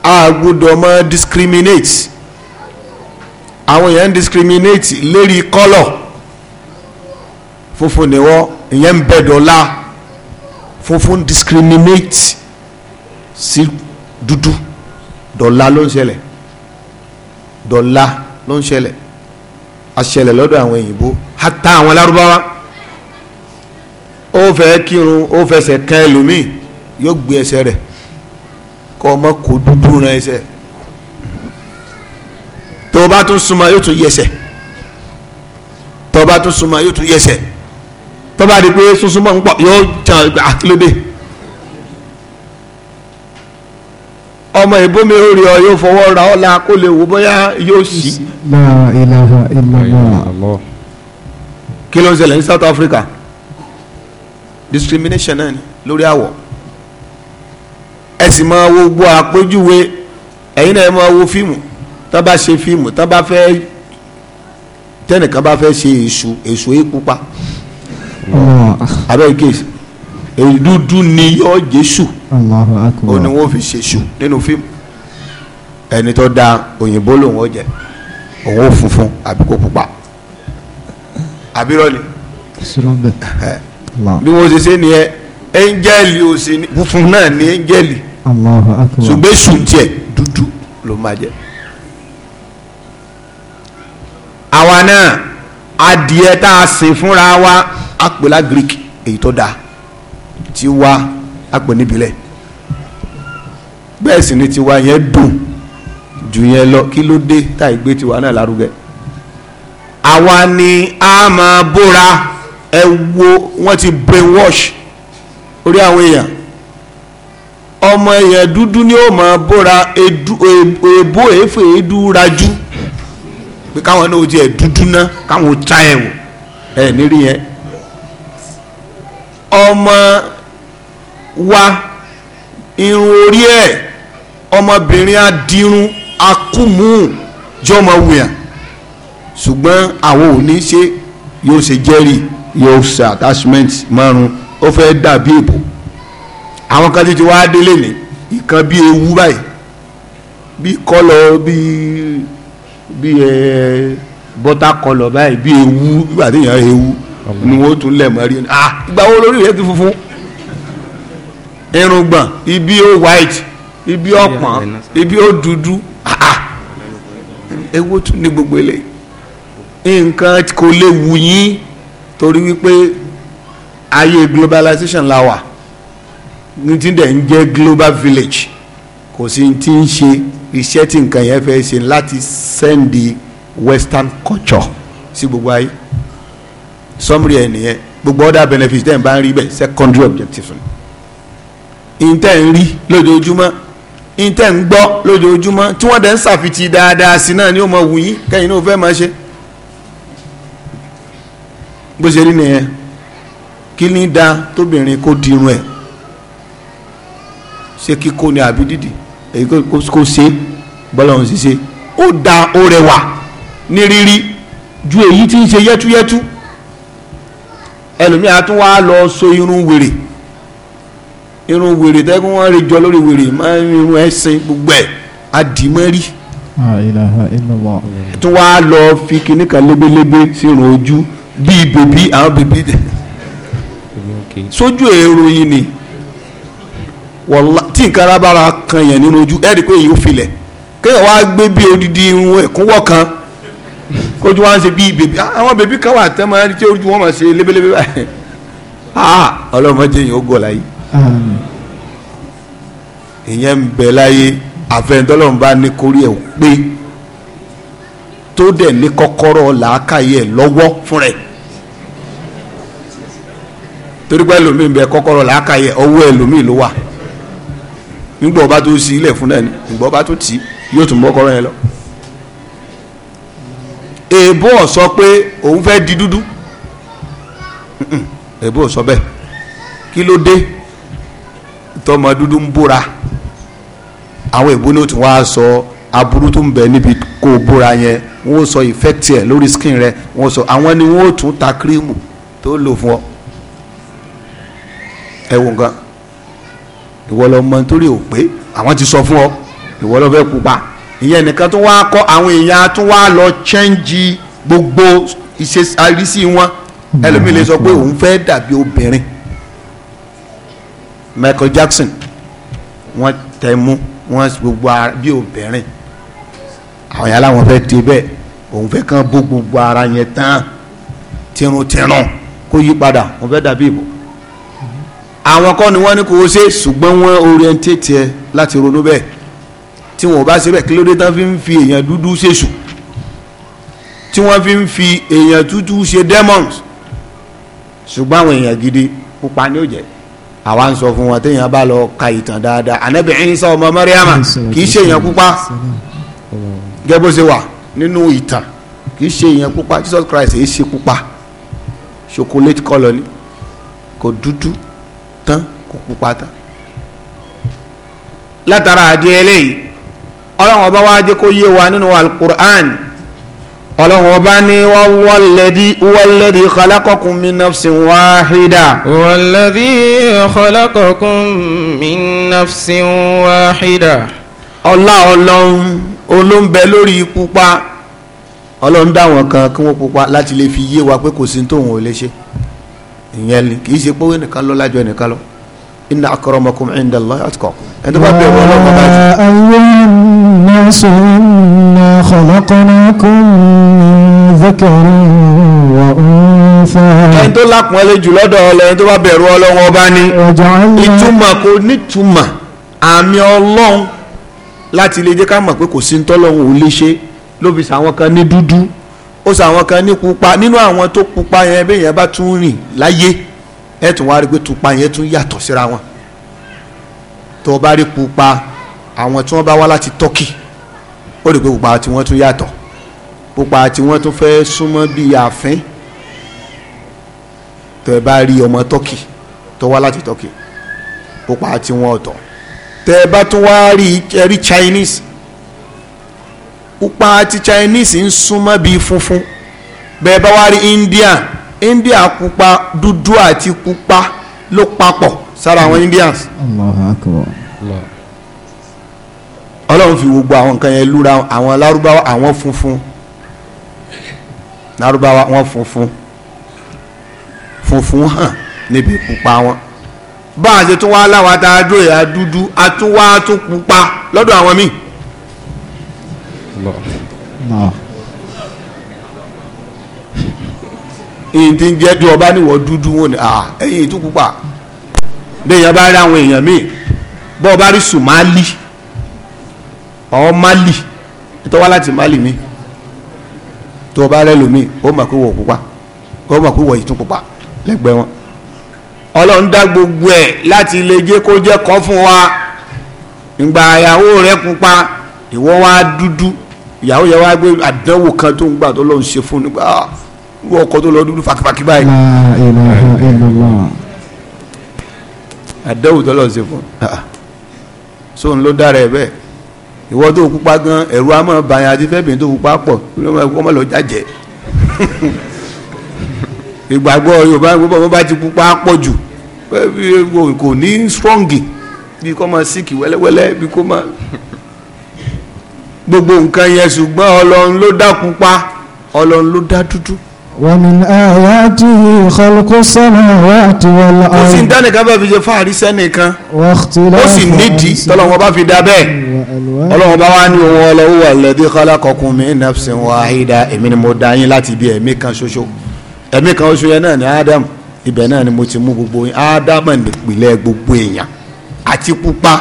a gbọ́dọ̀ má discriminate àwọn èèyàn discriminate lérí kọ́lọ̀ funfun ni wọ́n ìyẹn ń bẹ̀dọ̀ la funfun discriminate sí dúdú dọ̀la ló ń ṣẹlẹ̀ dọ̀la ló ń ṣẹlẹ̀ àṣẹlẹ̀ lọ́dọ̀ àwọn òyìnbó hata àwọn lárúbáwá ó fẹ́ kírun ó fẹsẹ̀ kan ẹlòmíì yóò gbé ẹsẹ̀ rẹ̀ kọ́ ọmọ kò dúdú ran ẹsẹ̀ tó o bá tún súnmọ́ yóò tún yẹsẹ̀ tó o bá tún súnmọ́ yóò tún yẹsẹ̀ tó o bá di pé súnmọ́ ń pọ̀ yóò tàn àkílódé. ọmọ ìbomi orí ọ yóò fọwọ́ ra ọ́ la kó lè wò bóyá yóò sí. La ilaha illallah. kí ló ń ṣẹlẹ̀ ní South Africa discrimination náà ni lórí àwọ̀ ẹ sì máa wo gbọ́ àpéjúwe ẹ̀yin náà ẹ máa wo fíìmù tá bá ṣe fíìmù tá bá fẹ́ tẹnìkan bá fẹ́ ṣe èṣù èṣù yìí pupa abẹ́ ìkéyìí dúdú ni yọ jésù ó wọn fi ṣèṣù nínú fíìmù ẹni tó da òyìnbó lòun ó jẹ òun funfun àbí kó pupa àbí rọ bí wọn ṣe ṣe nìyẹn ẹnjẹẹli ò sí funfun náà ni ẹnjẹẹli ṣùgbọ́n èṣù tiẹ̀ dúdú ló máa jẹ àwa náà adìẹ tá a sìn fúnra wa á pè lá greek èyí tó dáa ti wá apò níbílẹ̀ bẹ́ẹ̀ sì ni tiwa yẹn dùn jù yẹn lọ kí ló dé tá ìgbé tiwa náà lárugẹ. àwa ni a máa bóra ẹ wo wọ́n ti brainwash orí àwọn èèyàn ọmọ èèyàn dúdú ni ó máa bóra èbó èéfè èédú rajú pé káwọn náà ó jẹ dúdú ná káwọn ó tra ẹ wò ẹ nírí yẹn ọmọ wa irun orí ẹ̀ ọmọbìnrin adirun akúmù jọmọ wùyàn ṣùgbọ́n àwọn ò ní ṣe yóò ṣe jẹ́rìí yóò ṣe attachment márùn ó fẹ́ dàbí ìbò àwọn kan ti ti wá délé ní ìkan bí ewu báyìí bí kọlọ bí bí ẹ bọ́tà kọlọ báyìí bí ewu bí bàtẹ́yìn ewu ni wọ́n tún lẹ̀ mọ́ rí ni ah ìgbà wo lórí rẹ ti funfun irùngbọ̀n ibi ó white ibi ó pọ́n ibi ó dúdú ah, ah. ewu tún ní gbogbo eléyìí nǹkan kò lè wù yín torí wípé ayé globalization la wà ní ti dẹ̀ ń jẹ́ global village kò sí ti ń ṣe iṣẹ́ tí nǹkan yẹn fẹ́ ṣe láti sẹ́ndì western culture sí gbogbo ayé summary ẹ̀ nìyẹn gbogbo other benefits tẹ̀ ń bá ń rí bẹ́ẹ̀ secondary objectives ni ìtẹ̀ ń rí lójoojúmọ́ ìtẹ̀ ń gbọ́ lójoojúmọ́ tí wọ́n dẹ̀ ń ṣàfitì dáadáa sí náà ni ó mọ wù yín kẹ́yìn ní o fẹ́ máa ṣe bó ṣe rí nìyẹn kí ni da tóbìnrin kó dirun ẹ̀ ṣé kíkó ni àbí dídì èyí kò ṣe bọ́lá òun sì ṣe ó da ó rẹwà ní rírí ju èyí tí ń ṣe yẹ́túyẹ́tú ẹlòmíà tún wá lọ so irun wèrè irun wèrè tẹ́kun wọ́n rí jọ lórí wèrè máa ń irun ẹ̀sìn gbogbo ẹ̀ àdìmọ́rí tún wá lọ fi kinní kan lébelébe sí irun ojú bíi bèbí àwọn bèbí dẹ̀ sójú èrò yìí ni wọ́lá tí nǹkan arábára kan yẹn nínú ojú ẹ̀rí pé èyí ò filẹ̀ kéèyàn wá gbé bí odidi irun ẹ̀kúnwọ́ kan. kó tí wọ́n á ṣe bí bèbí ah, àwọn bèbí kan wà tẹ́ máa ń tí ojú wọn máa ṣe báyìí ah ọlọ́mọdé yìí ó gọ̀ láyé ìyẹn ń bẹ láyé àfẹnudọ́lọ́run bá ní kórí ẹ̀ pé tó dẹ̀ ní kọ́kọ́rọ́ làákàyè ẹ̀ lọ́wọ́ fún rẹ̀ torí pé ẹlòmíì ń bẹ kọ́kọ́rọ́ làákàyè ọwọ́ ẹlòmíì ló wà nígbà ọba tó sí ilẹ̀ fún náà nígbà ọba tó tì yóò tún bọ́ kọ́rọ́ yẹn lọ. èèbó ọ̀ sọ pé òun fẹ́ di dúdú èèbó ọ̀ sọ bẹ́ẹ̀ kí ló dé tọmọ dúdú ń búra àwọn èèbó ni ó ti wá sọ aburú tó ń bẹ níbi kó o búra yẹn wọ́n sọ effect ẹ̀ lórí skin rẹ̀ wọ́n sọ àwọn ni wọ́n tún ta kírímù tó lò fún ọ ẹ wò nǹkan nítorí ò pé àwọn ti sọ fún ọ ìwọ fẹ́ pupa ìyẹn nìkan tó wá kọ́ àwọn èèyàn tó wá lọ chẹ́ńjì gbogbo ìṣesí wọn hmm. ẹlòmíì lè sọ pé òun fẹ́ dàbí obìnrin Michael Jackson wọ́n tẹ̀ mú wọ́n gbogbo ara bí obìnrin àwọn yàrá wọn fẹ́ ti bẹ́ẹ̀ òun fẹ́ kàn bó gbogbo ara yẹn tán tiruntirun kó yí padà wọ́n fẹ́ dàbí ìbò hmm. àwọn kọ́ ni wọ́n ní kó o ṣe ṣùgbọ́n wọ́n orientate láti ronú bẹ́ẹ̀ tí wọn ò bá ṣe bẹ́ẹ̀ kí ló dé tán fi ń fi èèyàn dúdú ṣèṣù tí wọ́n fi ń fi èèyàn tútù ṣe demons ṣùgbọ́n àwọn èèyàn gidi pupa ni ó jẹ́ àwa ń sọ fún wọn téèyàn bá lọ ka ìtàn dáadáa ànábì Ìsá ọmọ Màríàmà kì í ṣe èèyàn pupa gẹ́gẹ́ bó ṣe wà nínú ìtàn kì í ṣe èèyàn pupa Jesus Christ èyí ṣe pupa chocolate colour ni kò dúdú tán kò pupa tán látara àdìẹ eléyìí ọlọ́run ọba wa jẹ́ kó yé wa nínú alukur'an ọlọ́run ọba ní wọ́lẹ́dí wọ́lẹ́dí kọlákọ̀kún mi nọ́fsìn wáhídà. wọ́lẹ́dí kọlákọ̀kún mi nọ́fsìn wáhídà. ọlá ọlọ́run olóńbẹ lórí pupa ọlọ́run dáwọn kan kí wọ́n pupa láti lè fi yé wa pé kò sí tóun ò lè ṣe ìyẹn kì í ṣe pé nìkan lọ lájọ nìkan lọ inna akramakum inda Allahi atqakum ẹni tó bá bẹ̀rù ọlọ́run bá jù. ayyuhan nasu inna khalaqnakum min dhakarin wa untha. ẹni tó lápọ̀nlé jù lọ́dọ̀ ọlọ́ ẹni tó bá bẹ̀rù ọlọ́run ọba ni ìtumọ̀ kò nítumọ̀ àmì ọlọ́run láti lè jẹ́ ká mọ̀ pé kò sí ntọ́lọ́run ò lè ṣe ló sàwọn kan ní dúdú ó sàwọn kan ní pupa nínú àwọn tó pupa yẹn bẹ́ẹ̀ yẹn bá tún rìn láyé ẹ tún wá rí pé tupa yẹn tún yàtọ̀ síra wọn tó o bá rí pupa àwọn tí wọ́n bá wá láti Tọ́kì ó rí pé pupa tí wọ́n tún yàtọ̀ pupa tí wọ́n tún fẹ́ súnmọ́ bíi ààfin tó ẹ bá rí ọmọ Tọ́kì tó wá láti Tọ́kì pupa tí wọ́n ọ̀tọ̀ tẹ ẹ bá tún wá rí ẹ Chinese pupa ti Chinese ń súnmọ́ bíi funfun bẹ́ẹ̀ bá wá rí India india pupa dúdú àti pupa ló papọ̀ sára àwọn indians. ọlọ́run fi gbogbo àwọn nǹkan yẹn lúra àwọn lárúbáwá àwọn funfun lárúbáwá wọn funfun funfun hàn níbi pupa wọn bá a ṣe tún wá láwa tá a dúró ìyá dúdú a tún wá tún pupa lọ́dọ̀ àwọn míì. èyí tí ń jẹ́ bí ọba níwọ̀ dúdú wọn ni ah, ẹ̀yìn ètò pupa lèèyàn bá rí àwọn èèyàn míì bọ́ ọba rí Sùmálì ọ̀ Málì tó wá láti Málì mi tó ọba rẹ lómi ó mà kó wọ̀ pupa ó mà kó wọ̀ ìtún pupa lẹ́gbẹ̀ẹ́ wọn Ọlọ́run dá gbogbo ẹ̀ láti lè jẹ́ kó jẹ́ kọ́ fún wa ìgbà ìyàwó rẹ pupa ìwọ wa dúdú ìyàwó yẹn wá gbé àdánwò kan tó ń gbà tó lọ́n ṣe fún nígbà ah, wọ́n ọkọ̀ tó lọ dúdú fàkìfàkì báyìí. àdéhùn tó lọ sí fún sóun ló dára ẹ bẹ́ẹ̀ ìwọ tó pupa gan ẹ̀rù amọ̀ bàyà àti fẹ́bìn tó pupa pọ̀ kọ́ mọ̀ lọ jàjẹ́ ìgbàgbọ́ yorùbá gbogbo ọmọ bá ti pupa pọ̀ jù kò ní strong bí kò máa síkì wẹ́lẹ́wẹ́lẹ́ bí kò máa gbogbo nǹkan yẹn ṣùgbọ́n ọlọ́run ló dá pupa ọlọ́run ló dá dúdú ومن آياته خلق السماوات والأرض ó sì ń dánìkan bá fi ṣe fáàrí sẹ́nìkan ó sì nídìí tọ́lọ́wọ́n bá fi dá bẹ́ẹ̀ ọlọ́wọ́n bá wá ní ohun ọlọ́wọ́ alladhi khalaqakum min nafsin wahida èmi ni mo dá yín láti ibi ẹ̀mí kan ṣoṣo ẹ̀mí kan ṣoṣo yẹn náà ni Adam ibẹ̀ náà ni mo ti mú gbogbo yín Adam nípìnlẹ̀ gbogbo èèyàn àti pupa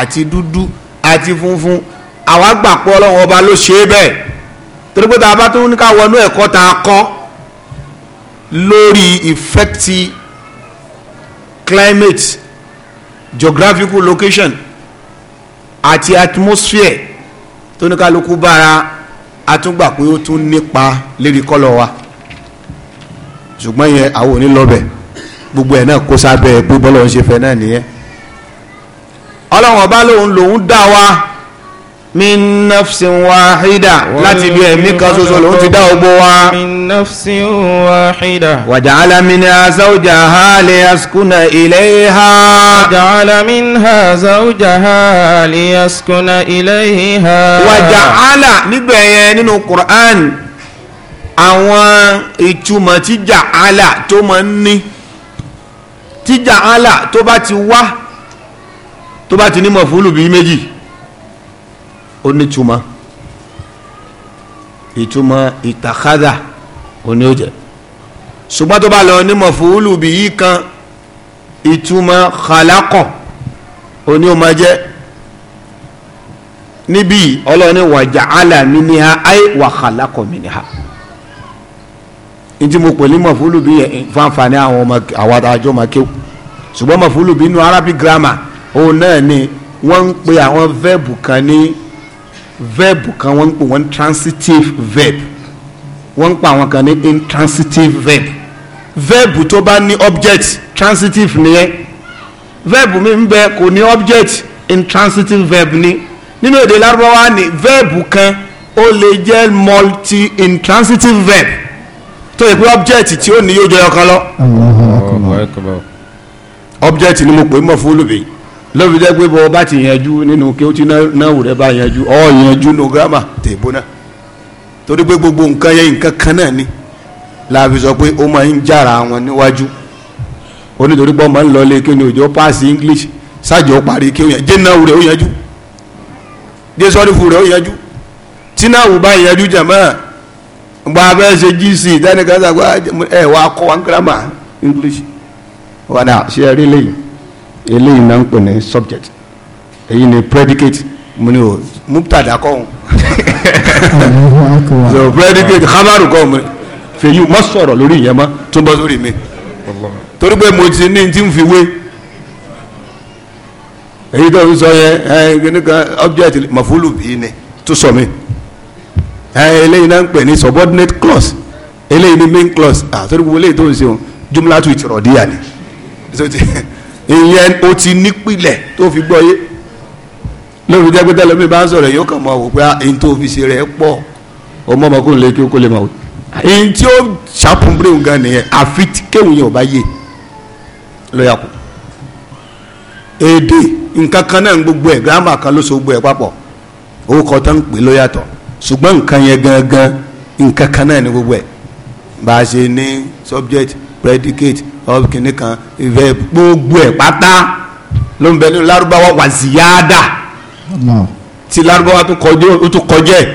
àti dúdú àti funfun àwa gbà pé ọlọ́wọ́n ọba ló ṣe é bẹ́ẹ̀ torí pé tá a bá tún ní ká wọnú ẹ̀kọ́ tá a kọ́ lórí ìfẹ́tì climate geographical location àti atmosphere tó ní kálukú bára atúngbà pé ó tún nípa lérí kọ́lọ̀ wa ṣùgbọ́n yẹn àwọn onílọ́bẹ̀ gbogbo ẹ̀ náà kó sábẹ́ pé bọ́lá ṣe fẹ́ náà nìyẹn ọlọ́run ọba lòun lòun dá wa min nafsin wahida láti bí ẹ̀mí kan ṣoṣo lòun ti dá ogbó wa min nafsin wahida wàjàálà minha zawjaha liyaskuna ilayha wàjàálà minha zawjaha liyaskuna ilayha wàjàálà níbẹ̀ yẹn nínú Qur'an àwọn ìtumọ̀ tí jàálà tó máa ní tí jàálà tó bá ti wá tó bá ti ní mọ̀fúlù bíi méjì ó ní túmọ̀ ìtumọ̀ ìtàkádà ó ní ó jẹ́ ṣùgbọ́n tó bá lọ ní mọ̀fúlù bí yìí kan ìtumọ̀ khalakọ̀ ó ní ó máa jẹ́ níbí ọlọ́ni wàjà àlà mi ní ha áì wà khalakọ̀ mi ní ha ntí mo pè ní mọ̀fúlù bí fanfani àwọn àwọn àjọ máa kéwù ṣùgbọ́n mọ̀fúlù bí inú Arabic grammar òun náà ni wọ́n ń pe àwọn verb kan ní verb kan wọ́n ń pè transitive verb wọ́n ń pa àwọn kan ní intransitive verb verb tó bá ní object transitive nìyẹn verb mi ń bẹ kò ní object intransitive verb ni nínú èdè lárúbáwá ni verb kan ó lè jẹ́ multi intransitive verb tó yẹ pé object tí ó ní yóò jẹ́ ọ̀kan lọ. object ni mo pè é mọ̀ fún olùbẹ̀yìn ló fi jẹ́ pé bọ́ bá ti yanjú nínú kí ó ti náwó rẹ̀ bá yanjú ọ̀ yanjú nù gírámà tèbó náà torí pé gbogbo nǹkan yẹn nǹkan kan náà ni sọ pé ó máa ń jára wọn níwájú onítorí paasi English ṣáàjọ parí kí ó jẹ́ náwó ó yanjú jẹ́ sọ́rífù ó yanjú tí náwó bá yanjú gba abẹ́ ṣe gc ẹ̀ ah, English ṣe rí lẹ́yìn. eléyìí náà ń pè ní subject èyí ni predicate mo ní o mubtada kọ́ òun so predicate khabaru kọ́ òun fèyí mọ́ sọ̀rọ̀ lórí ìyẹn mọ́ tó bọ́ sórí mi torí pé mo ti ní ti ń fi wé èyí tó sọ yẹn ẹ nìkan object mafulu bíi ni tó sọ mi ẹ eléyìí náà ń pè ní subordinate clause eléyìí ni main clause àtọ́rí gbogbo eléyìí tó ń ṣe o jumla tu ìtìrọ̀díyà ni ìyẹn o ti nípìlẹ̀ tó fi gbọ́ yé lórí jẹ́ pé tẹ́lẹ̀ mi bá ń sọ̀rọ̀ yóò kàn mọ́ àwọn pé ah, ẹni tó fi ṣe rẹ̀ pọ̀ ọmọ ọmọ kò lè kí o kò lè mọ̀ ẹni tí ó ṣàpùnbíre nǹkan nìyẹn àfi kéwìn yẹn ò bá yé lọ́yà kù èdè kan náà so gbogbo ẹ̀ papọ̀ orúkọ tó ń gangan nǹkan kan náà gbogbo ẹ̀ predicate ọ̀kìnní kan ìfẹ́ gbogbo ẹ̀ pátá ló ń bẹ nínú lárúbáwá wà ziyada tí lárúbáwá tó kọjá ẹ̀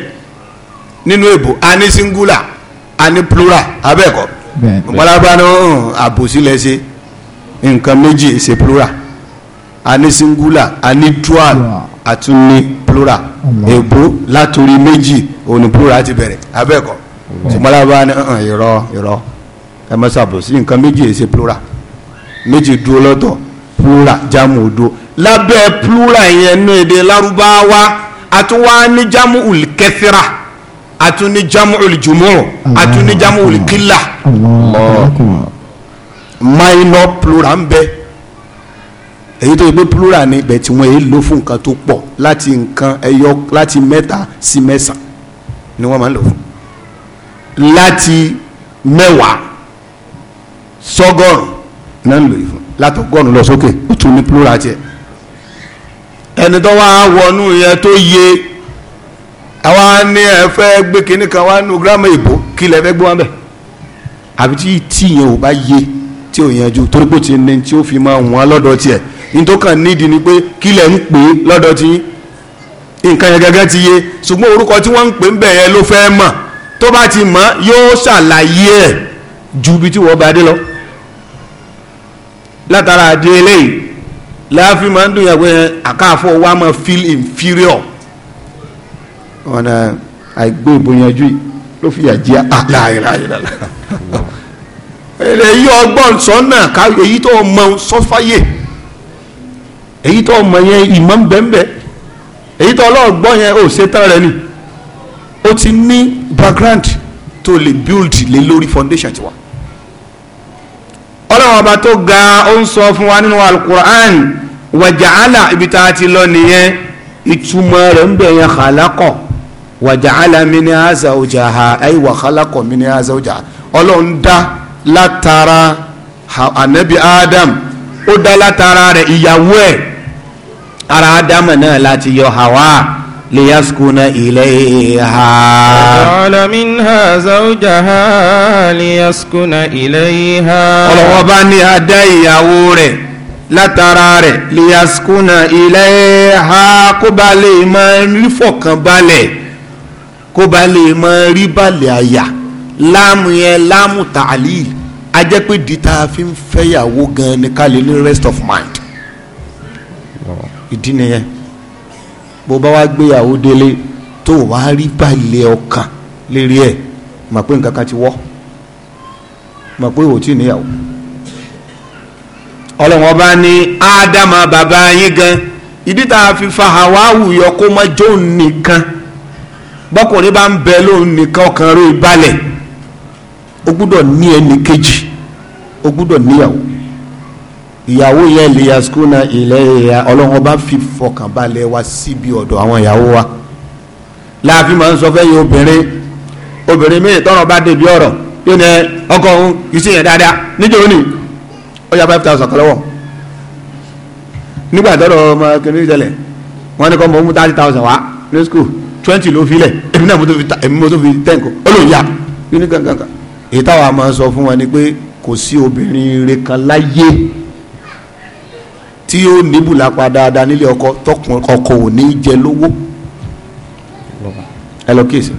nínú èbò a ní singular a ní plural abẹ́ẹ̀kọ́ ìpalárúbáwá ní àbòsí lẹ́sẹ̀ nǹkan méjì ṣe plural a ní singular a ní dual àtún ní plural èbó látòrí méjì òní plural ti bẹ̀rẹ̀ abẹ́ẹ̀kọ́ ìpalárúbáwá ní ìrọ̀ ìrọ̀ ẹ má ṣàbòsí nǹkan méjì èsè plural méjì dúró lọ́tọ̀ plural jámù odó lábẹ́ plural yẹn ní èdè lárúbáwá àtúwá ní jámù olùkẹsìrà àtún ní jámù olùjùmọ̀rọ̀ àtún ní jámù olùkílà minor plural ń bẹ èyí tó yẹ pé plural ni ibẹ̀ tí wọ́n yé lò fún nǹkan tó pọ̀ láti nǹkan ẹyọ láti mẹ́ta sí mẹ́sàn-án ni wọ́n máa ń lò fún láti mẹ́wàá sọgọrùn náà ń lò yìí fún lọ sókè ó tún ní plural tiẹ̀ ẹni tó wá wọnú yẹn tó yẹ àwa ní ẹ gbé kan wá nù gírámà ìbò kí lẹ gbé wọn àbí tí tí yẹn ò bá yẹ tí ò torí pé ní tí ó fi máa wọn nítòkàn ni pé kí lẹ ń pè é lọ́dọ̀ tí nǹkan yẹn ti orúkọ bẹ̀ lọ. látara àdí eléyìí láàfin máa ń dùn yàgbé àkáàfọ̀ wa máa feel inferior ọ̀nà àìgbé ìbòyànjú ló fi yàjí àláìláìlá ah, èyí ọgbọ́n sọ́nà káwé èyí tó mọ sọ́fáyé èyí tó mọ yẹn ìmọ̀ ń bẹ́ẹ̀ èyí tó ọlọ́ọ̀gbọ́n yẹn ò ṣe tán rẹ ni ó ti ní background tó lè build lé lórí foundation tiwa ọlọ́run ọba tó ga ó ń sọ fún wa nínú alukur'an wàjàálà ibi tá a ti lọ nìyẹn ìtumọ̀ rẹ̀ ń bẹ̀yẹn kàlákọ̀ wàjàálà mi ní àzà ọjà ha ẹ̀ wà kàlákọ̀ mi ní àzà ọjà ọlọ́run dá látara anabi adam ó dá látara rẹ̀ ìyàwó ẹ̀ ara adam náà láti yọ hawa. ليسكن إليها وجعل منها زوجها ليسكن إليها ọlọ́wọ́ bá ní adá ìyàwó rẹ̀ látara rẹ̀ ليسكن إليها kó bá lè máa rí fọ̀kànbalẹ̀ kó bá lè máa rí balẹ̀ àyà láàmù yẹn láàmù tààlì ajẹ́pẹ̀dì tá a fi ń fẹ́yàwó gan-an ní ká lè ní rest of mind ìdí nìyẹn bó bá wá gbéyàwó délé tó wá rí balẹ̀ ọkàn lérí ẹ̀ mà pé nǹkan kan ti wọ́ mà pé ò tí níyàwó ọlọ́wọ́n bá ní ádámà bàbá yín gan ìdí tá a fi fa Háwáwù yọ kó má jó nìkan bọ́kùnrin bá ń bẹ lóun nìkan ọkàn rẹ̀ balẹ̀ o gbúdọ̀ ní ẹnì kejì o gbúdọ̀ níyàwó ìyàwó yẹn lè na ilẹ̀ ìyá ọlọ́run bá fi fọkànbalẹ̀ wa síbi ọ̀dọ̀ àwọn ìyàwó wa láàfin máa ń sọ fẹ́ yín obìnrin obìnrin mi tọrọ bá débi ọ̀rọ̀ yóò ní ọkọ òun kì í ṣe yẹn dáadáa níjẹ́ òní ó yá five thousand kan lọ́wọ́ nígbà tọrọ ọmọ kìnìún ìjẹlẹ̀ wọn ní kọ́ mọ̀ mú thirty thousand wá ní school twenty ló filẹ̀ èmi náà mo tó fi ten kó ó lóun yá yóò ní kankan kan èyí táwa máa ń sọ fún wa ni pé kò sí obìnrin rere kan láyé tí yóò níbùlà pa dáadáa nílé ọkọ tọkùn ọkọ ò ní jẹ lówó ẹ lọ kíyèsí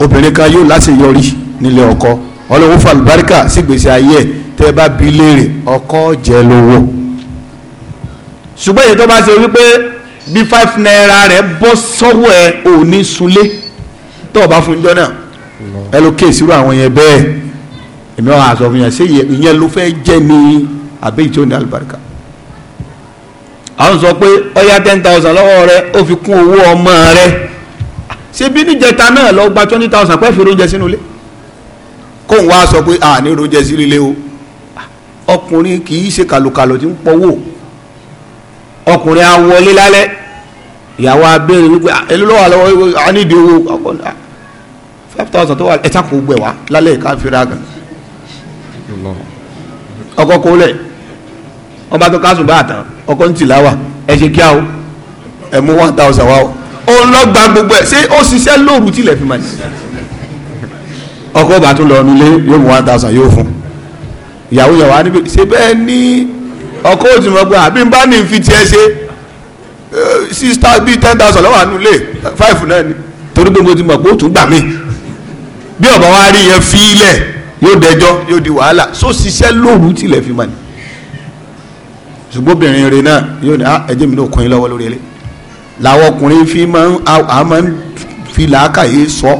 obìnrin kan yóò láṣeyọrí nílé ọkọ ọlọ́wọ́ fàlùbáríkà sígbèsè ayé ẹ̀ tẹ́ ẹ bá bi léèrè ọkọ jẹ lówó ṣùgbọ́n èyí tó bá ṣe wípé bí five naira rẹ̀ bọ́ sọ́wọ́ ẹ̀ ò ní sunlé tó o bá fún jọ ẹ ló ké ìṣirò àwọn yẹn bẹ́ẹ̀ èmi wọn àṣọ fún yẹn ṣé ìyẹn ló fẹ́ jẹ́ ní àbẹ́yìí tó ní àlùbáríkà àwọn sọ pé ọyá ten thousand lọ́wọ́ rẹ ó fi kún owó ọmọ rẹ ṣé bí níjẹta náà lọ gba twenty thousand pẹ́ fi oúnjẹ sínú ilé kóun wá sọ pé à ní oúnjẹ sínú ilé o ọkùnrin kì í ṣe kàlùkàlù tí ń pọ̀wọ́ ọkùnrin á wọlé lálẹ́ ìyàwó abẹ́rẹ́ wípé elólọ́wọ́ lọ́wọ́ anídìí owó ọkùnrin five thousand tó wà ẹ̀ta kò gbẹ̀ lálẹ́ ìka fira gan ọkọ̀ kò lẹ̀ ọba tó kásùn bá àtàn ọkọ ń tìlá wa ẹ ṣe kí a o ẹ mú one thousand wa o òun lọ gba gbogbo ẹ ṣé ó ṣiṣẹ́ lóru tilẹ̀ fi máa ní. ọkọ ọba tó lọ nulẹ̀ yóò mú one thousand yóò fún ìyàwó yẹn wà ṣe bẹ́ẹ̀ ni ọkọ òtí mọ̀ pé àbí n bá ní fi tiẹ̀ ṣe eh, sista bíi ten thousand lọ́wọ́ ànulẹ̀ five náà ni torí pé mo ti mọ̀ pé ó tún gbà mí bí ọba wa rí yẹn fi ilẹ̀ yóò dẹjọ́ yóò di wàhálà so ṣiṣẹ́ lóru tilẹ̀ fi máa ní ṣùgbọ́n obìnrin rẹ̀ náà yóò ní ah, ẹjẹ́ mi ló kún yín lọ́wọ́ lórí ilé làwọn ọkùnrin fi máa ń a máa ń fi làákàyè sọ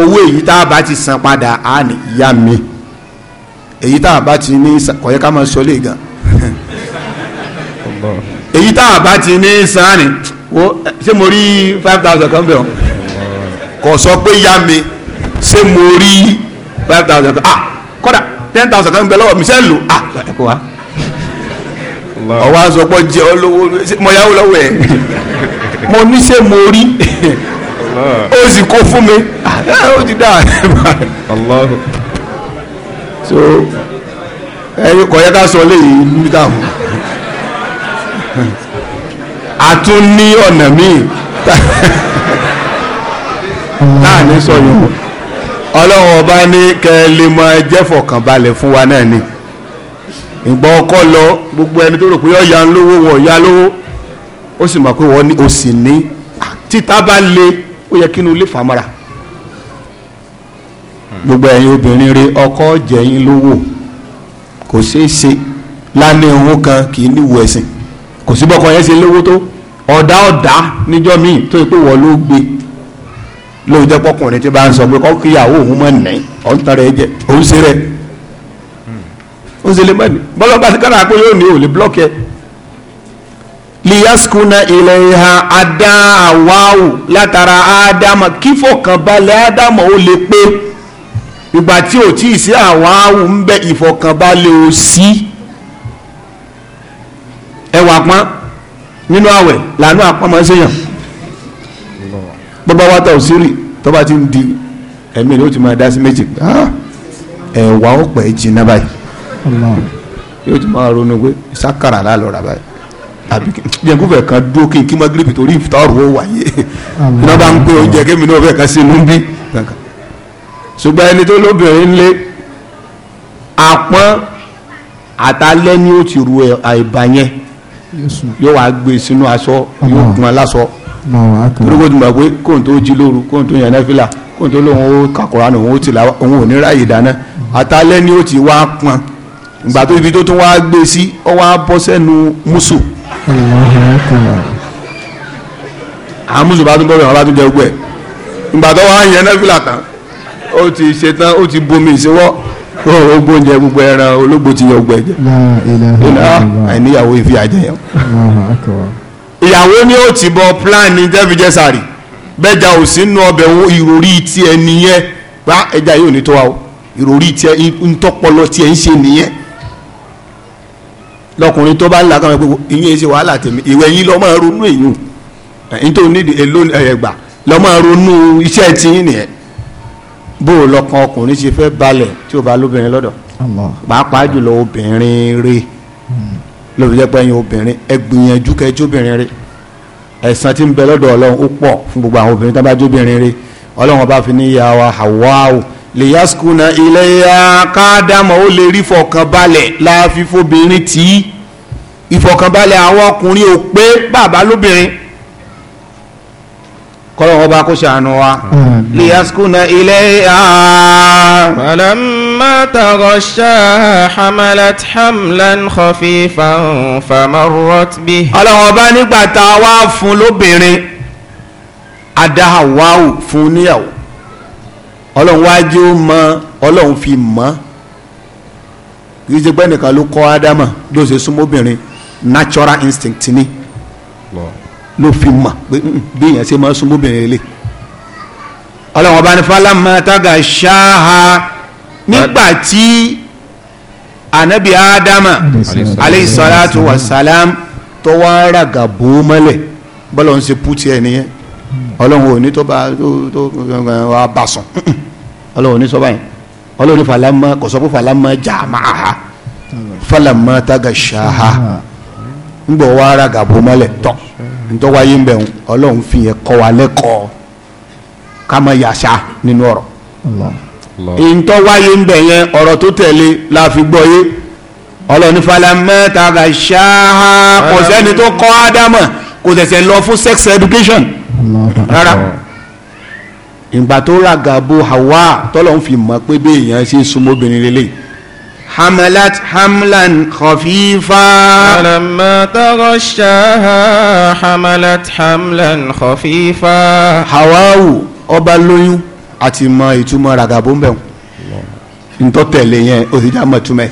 owó èyí tá a bá ti san padà á ní ìyá mi èyí tá a bá ti ní kọ̀yẹ́ ká máa sọ lé gan èyí tá a bá ti ní san ni ṣé mo rí five thousand kan bẹ̀ ọ́ kò sọ pé yá mi ṣé mo rí five thousand kan ah kódà ten thousand kan bẹ̀ lọ́wọ́ mi ṣe ń lò ah ẹ̀kọ́ wa ọwọ́ àzọpọ̀ jẹ́ olówó mo yáwó lọ́wọ́ ẹ̀ mo níṣẹ́ mo rí ó sì kó fún mi ah, ó ti dà so ẹni kọ̀ yẹ ká sọ léyìí níta fún a tún ní ọ̀nà míì láàánú sọ yìí ọlọ́run ọba ní kẹ́ ẹ lè máa jẹ́ fọkànbalẹ̀ fún wa náà ni. ìgbà ọkọ lọ gbogbo ẹni tó rò pé ọ̀ya lówó wọ̀ ya lówó ó sì mọ̀ pé wọ́n ní o sì ní títa bá le ó yẹ kí inú ilé gbogbo ẹ̀yin obìnrin rẹ ọkọ jẹ̀yìn lówó kò ṣeé ṣe kan kì í níwò ẹ̀sìn kò sí bọ́kọ yẹn ṣe lówó tó níjọ́ míì tó yẹ pé wọ́n ló gbé lóòjẹ́ pọ́kùnrin tí bá ń sọ ní ọ̀ ń ó sì lè mọ́ ni bọ́lá bá ti kára pé yóò ní òòlè blọ́ọ̀kì ẹ̀. liyaskuna ilayha adáwáwù látara ádámà kí fọkànbalẹ̀ ádámà ó lè pé ìgbà tí ò tí ì sí àwáwù ń bẹ ìfọkànbalẹ̀ ò sí ẹwà pọ́n nínú àwẹ̀ làánú àpamọ́ séyàn bọ́bá wá tọ̀ sírì tọ́ba ti ń di ẹ̀mí ni ó ti máa dá sí méjì ah, ẹ̀wà ó pẹ́ jìnnà báyìí yóò ti máa ronú pé sákàrà lálọ́ rà báyìí àbí yẹn kó fẹ́ kan dúró kí n kí má gírípì torí ìfitọ́rù ó wáyé iná bá ń pè oúnjẹ kémi náà fẹ́ kan sínú bí ṣùgbọ́n ẹni tó lóbìnrin lé apọ́n àtàlẹ́ ni ó ti ru àìbá yẹn yóò wá gbé e sínú aṣọ yóò gbọ́n láṣọ lórúkọ tó gbà pé kóhùn tó jí lóru kóhùn tó yàn náà fìlà kóhùn tó lóhùn ó kàkúrà nù òun ò ní ráàyè dáná mm-hmm. àtàlẹ́ ni ó ti wá pọ́n. ìgbà tó ibi tó tún wá gbé sí ọ wá musu sẹ́nu mùsù àwọn mùsù bá tún bọ́ bẹ̀rẹ̀ bá tún jẹ gbogbo ẹ̀ tó wá yẹn nẹ́fìlà ti ṣetán ó ti bomi gbogbo oúnjẹ gbogbo ẹran ti yọ gbẹjẹ ah, àìníyàwó ìfi àjẹyàn ìyàwó ni ó ti bọ plan ní ò sí ọbẹ̀ ìròrí bá ẹja yóò ní tó wa o ìròrí lọkùnrin tó bá ń la kàwé gbogbo ìyẹn ṣe wàhálà tèmi ìwé yín lọ́mọ ronú èyí ẹ̀yìn tó ní èlò ẹ̀gbà lọ́mọ ronú iṣẹ́ tí yín nìyẹn bó o lọkàn ọkùnrin ṣe fẹ́ balẹ̀ tí o bá lóbìnrin lọ́dọ̀ pàápàá jùlọ obìnrin rè lóbi jẹ́ pé ẹ̀yin obìnrin ẹ gbìyànjú kẹjú obìnrin rè ẹ̀san tí ń bẹ lọ́dọ̀ ọlọ́run ó pọ̀ fún gbogbo àwọn obìnrin tó bá jóbìnrin rè ọlọ́run ọba fi ní ìyá wa Hawa lèyàskùnà ilẹ̀ àkádàmọ̀ ó lè rí fọkànbalẹ̀ láàfífóbìnrin tí ìfọkànbalẹ̀ àwọn ọkùnrin ò pé bàbá lóbìnrin kọ́lọ̀ wọn bá kó ṣàánú wa lèyàskùnà ilẹ̀ فلما تغشاها حملت حملا خفيفا فمرت به ọlọ́wọ́n bá nígbà tá a wá fún lóbìnrin ọlọ́run wájú mọ ọlọ́run fi mọ́ kì nìkan ló kọ́ ádámà ló ṣe súnmọ́ obìnrin natural instinct ni ló fi mọ̀ pé bí èèyàn ṣe máa súnmọ́ obìnrin lè ọlọ́run ọba ní fálámà tága ṣáá nígbà tí anabi adama alayhi salatu wa tó wá raga bó mọ́lẹ̀ bọ́lá ń ṣe pú tiẹ̀ nìyẹn ọlọ́run ò ní tó bá tó tó wà bá sùn ọlọ́run ní sọ báyìí ọlọ́run ní falama kò sọ pé falama jàmáà falama tagashaha ń gbọ́ wá ara gàbó mọ́lẹ̀ tọ́ ntọ́wáyé ń bẹ̀ ń ọlọ́run fi yẹn kọ́ wa lẹ́kọ̀ọ́ ká má yàṣà nínú ọ̀rọ̀ ntọ́wáyé ń bẹ̀ yẹn ọ̀rọ̀ tó tẹ̀lé la fi gbọ́ yé ọlọ́run falama ha kò sẹ́ni tó kọ́ ádámà kò tẹ̀sẹ̀ lọ fún sex education rárá ìgbà tó ràgàbo hawa tọ́lọ̀ ń fi mọ̀ pé bí èèyàn ṣe súnmọ́ obìnrin lélẹ̀ hamalat hamlan khafifa. alamma taghashaha hamalat hamlan khafifa. hawawu ọba lóyún àti mọ ìtumọ̀ ràgàbo ń bẹ̀wò ntọ́ tẹ̀lé yẹn òsìjà mọ̀túmẹ̀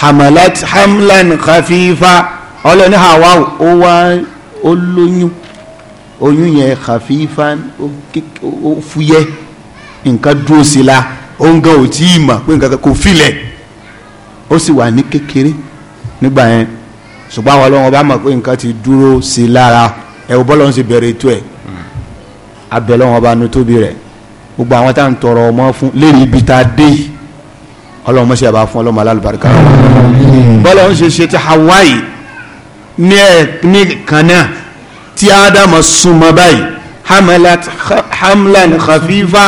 hamalat hamlan khafifa ọlọ́ni hawawu ó wá ó oyún yẹn khafifan o fúyẹ́ nǹkan dúró sí la òun gan ò tí ì mọ̀ pé nǹkan kò filẹ̀ ó sì wà ní kékeré nígbà yẹn ṣùgbọ́n àwọn ọlọ́wọ́n bá mọ̀ pé nǹkan ti dúró sí lára ẹ̀ ò bọ́lọ́ ń ṣe bẹ̀rẹ̀ ètò ẹ̀ abẹ́lọ́wọ́n bá nu tóbi rẹ̀ gbogbo àwọn tá à ń tọrọ ọmọ fún lérí ibi tá a dé ọlọ́run mọ̀ ṣe àbá fún ọlọ́run alálùbáríkà bọ́lọ́ ń ṣe ṣe ti Hawaii ní ẹ̀ ní kan tí ádámọ̀ súnmọ́ báyìí hamlan khafifa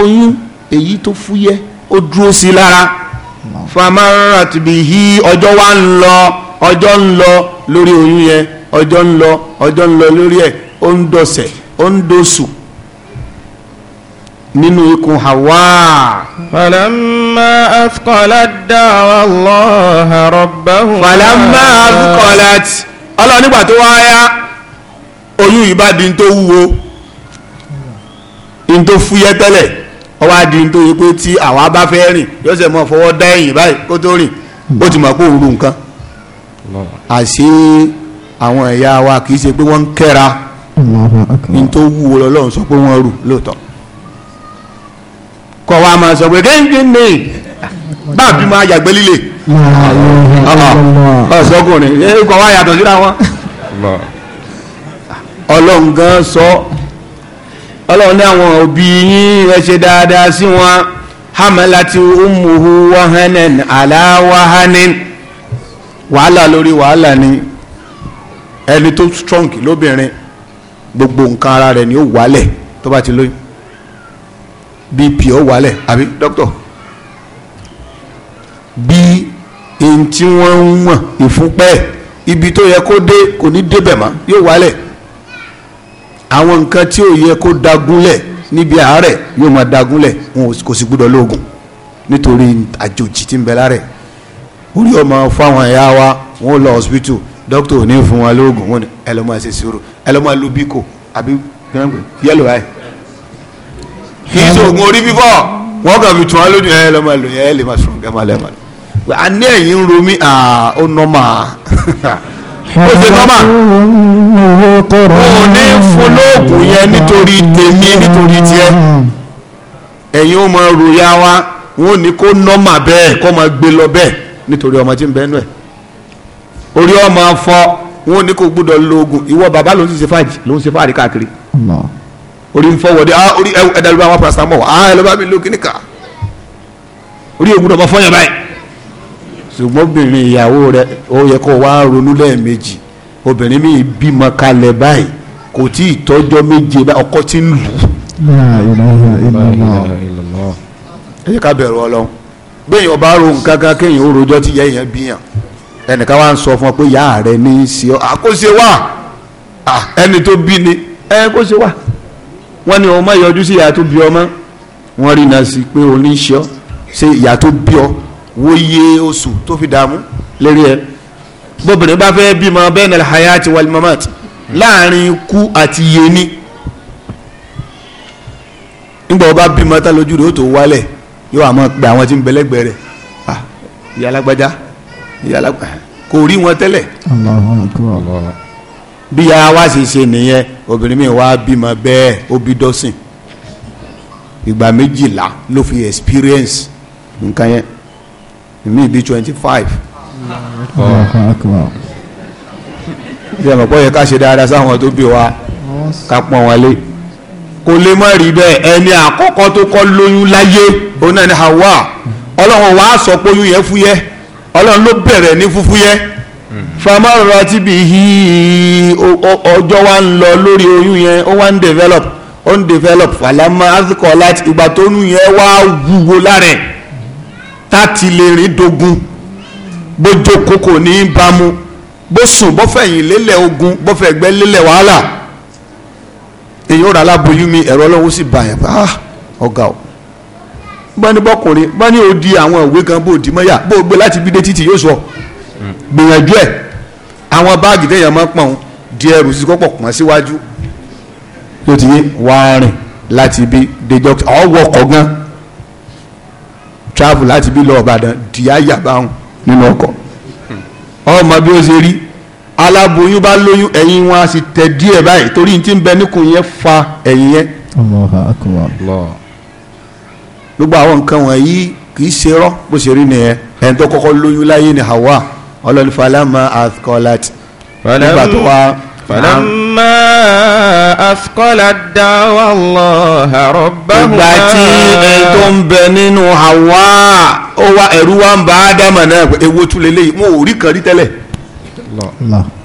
oyún èyí tó fúyẹ́ ó dúró sí lára famarat bihi ọjọ́ wa ń lọ ọjọ́ ń lọ lórí oyún yẹn ọjọ́ ń lọ ọjọ́ ń lọ lórí ẹ̀ ó ń dọ̀sẹ̀ ó ń dọ̀sù nínú ikùn Hawa. falamma afqalat da'wa Allah rabbahuma. falamma afqalat ọlọ́ọ̀ tó wáyá oyún yìí bá di ní tó wúwo ní tó fúyẹ́ tẹ́lẹ̀ ọwọ́ á di ní tó yẹ pé tí àwa bá fẹ́ rìn yóò ṣe mọ́ fọwọ́ dá ẹ̀yìn báyìí kó tó rìn ó ti mọ̀ kó òru nǹkan àṣé àwọn ẹ̀yà wa kì í ṣe pé wọ́n ń kẹ́ra ní tó wúwo lọ́lọ́run sọ pé wọ́n rù lóòótọ́ kọ́ wa máa sọ pé kéńkéń ní báàbí máa yàgbẹ́ líle ọ̀sọ́kùnrin kọ́ wa yàtọ̀ síra wọn ọlọ́run gan sọ ọlọ́run ní àwọn òbí yín ẹ ṣe dáadáa sí wọn hamalati umuhu wahanen ala wahanen wàhálà lórí wàhálà ni ẹni tó strong lóbìnrin gbogbo nǹkan ara rẹ̀ ni ó wálẹ̀ tó bá ti lóyún bp ó wálẹ̀ àbí dókítọ̀ bí n tí wọ́n ń wọ̀n ìfúnpẹ́ ibi tó yẹ kó dé kò ní débẹ̀ mọ́ yóò wálẹ̀ àwọn nǹkan tí ò yẹ kó dagúnlẹ̀ níbi àárẹ̀ yóò máa dagúnlẹ̀ kò sì gbúdọ̀ lóògùn nítorí àjòjì tí ń bẹ lárẹ̀ orí ọmọ fáwọn ẹ̀yà wa wọn lọ hospital dókítà ò ní fún wa lóògùn wọn ẹ lọ́ máa ṣe sùúrù ẹ lọ́ máa lo bíkò àbí yẹ́lò báyìí kì í ṣoògùn orí fífọ́ wọ́n kàn fi tún wa lójú ẹ lọ́ máa lò ẹ lè máa sùn kẹ́ máa lẹ́ máa lò àní ẹ̀yìn ń ro ó nọ́ máa. ó ṣe nọ́mà mo ní fún lóògùn yẹn nítorí tèmi nítorí tiẹ̀ ẹ̀yin ó mọ ròyà wa wọn ò ní kó nọ́mà bẹ́ẹ̀ kó máa gbé lọ bẹ́ẹ̀ nítorí ọmọ tí ń bẹ́ẹ̀ nù ẹ̀ orí ọmọ afọ wọn ò ní kó gbúdọ̀ lóògùn ìwọ bàbá ló ń ṣe fàájì ló ń ṣe fàájì káàkiri orí ń fọwọ́ ah orí ẹ̀dá ló bá wọn paracetamol ah ẹ̀ ló bá mi lò kíníkà orí ògùn náà bá fọyàn báyìí ṣùgbọ́n obìnrin ìyàwó rẹ ó yẹ kó wá ronú lẹ́ẹ̀mejì obìnrin mi bímọ kalẹ̀ báyìí kò tí ì tọ́jọ́ méje báyìí ọkọ ti ń lù ú. ẹ jẹ́ ká bẹ̀rù ọlọ́run bẹ́ẹ̀ ọba ro nǹkan kan kéèyàn ó rojọ́ tí yẹ́yìn bí yàn ẹnìkan wá ń sọ fún ọ pé ìyá rẹ ní í ṣe ọ àkóṣe wà ẹni tó bí ni ẹ kó wà wọ́n ní ọmọ ìyọjú sí ìyá tó bí ọmọ wọ́n rí náà sí pé oníṣẹ́ ṣe ìyá tó bí ọ wòye oṣù tó fi dààmú lérí ẹ bóbìnrin bá fẹ́ bímọ bẹ́ẹ̀ nàlẹ́ hayati wal mamat láàrin ikú àti yéní nígbà wo bá bímọ tá lójú rẹ̀ ó tó wálẹ̀ yóò àmọ́ pé àwọn tí ń bẹ̀lẹ́gbẹ̀ẹ́ rẹ̀ ìyá alágbájá ìyá alágbájá kò rí wọn tẹ́lẹ̀ bí ya wá sì ṣe nìyẹn obìnrin mi wá bímọ bẹ́ẹ̀ ó bí dọ́sìn ìgbà méjìlá ló fi experience nǹkan yẹn ìmí be twenty five. bí ẹ̀mọ̀ pọ̀ yẹ ká ṣe dáadáa sáwọn tó bí wa ká pọ́n wọn lé kò lè má rí bẹ́ẹ̀ ẹni àkọ́kọ́ tó kọ́ lóyún láyé òun náà ni Hawa ọlọ́run wàá sọ pé oyún yẹn fúyẹ́ ọlọ́run ló bẹ̀rẹ̀ ní fúfúyẹ́ famara ti bi hi ọjọ́ wa ń lọ lórí oyún yẹn ó wá ń develop ó ń develop falama azikọ láti ìgbà tó nù yẹn wá wúwo lára ẹ̀ Tati ti lè rìn dogun bójó kókò ní í bámu bó sùn bó fẹ̀yìn lélẹ̀ ogun bó fẹ̀ gbẹ́ lélẹ̀ wàhálà èyí ó rà aláboyún mi ẹ̀rọ ọlọ́run sì bà yẹn ah ọ̀gá o bá ní bọ́kùnrin bá ní àwọn ìwé gan bó di mọ́yà bó gbé láti bí dé títì yóò sọ gbìyànjú ẹ̀ àwọn báàgì téèyàn máa ń pọ̀n di ẹrù sí kọ́pọ̀ pọ̀n síwájú tó ti yé wàá rìn láti bí dé dókítà ọ̀wọ́ ọkọ̀ gan travel láti bí lọ Ìbàdàn dìá yàbáhùn nínú ọkọ̀ ọmọ bí ó ṣe rí aláboyún bá lóyún ẹ̀yìn wọn a sì tẹ̀ díẹ̀ báyìí torí ti ń bẹ níkùn yẹn fa ẹ̀yìn yẹn. gbogbo àwọn nǹkan wọ̀nyí kì í ṣe rọ́ bó ṣe rí nìyẹn ẹni tó kọ́kọ́ lóyún láyé ni Hawa ọlọ́ni falama athkolat nígbà tó wá فلما أثقلت دعوى الله ربهما ìgbà tí ẹni tó ń bẹ nínú Hawa ó wá ẹ̀rú wa ń bá Ádámà náà ewu tún lélẹ́yìí mo ò rí kan rí tẹ́lẹ̀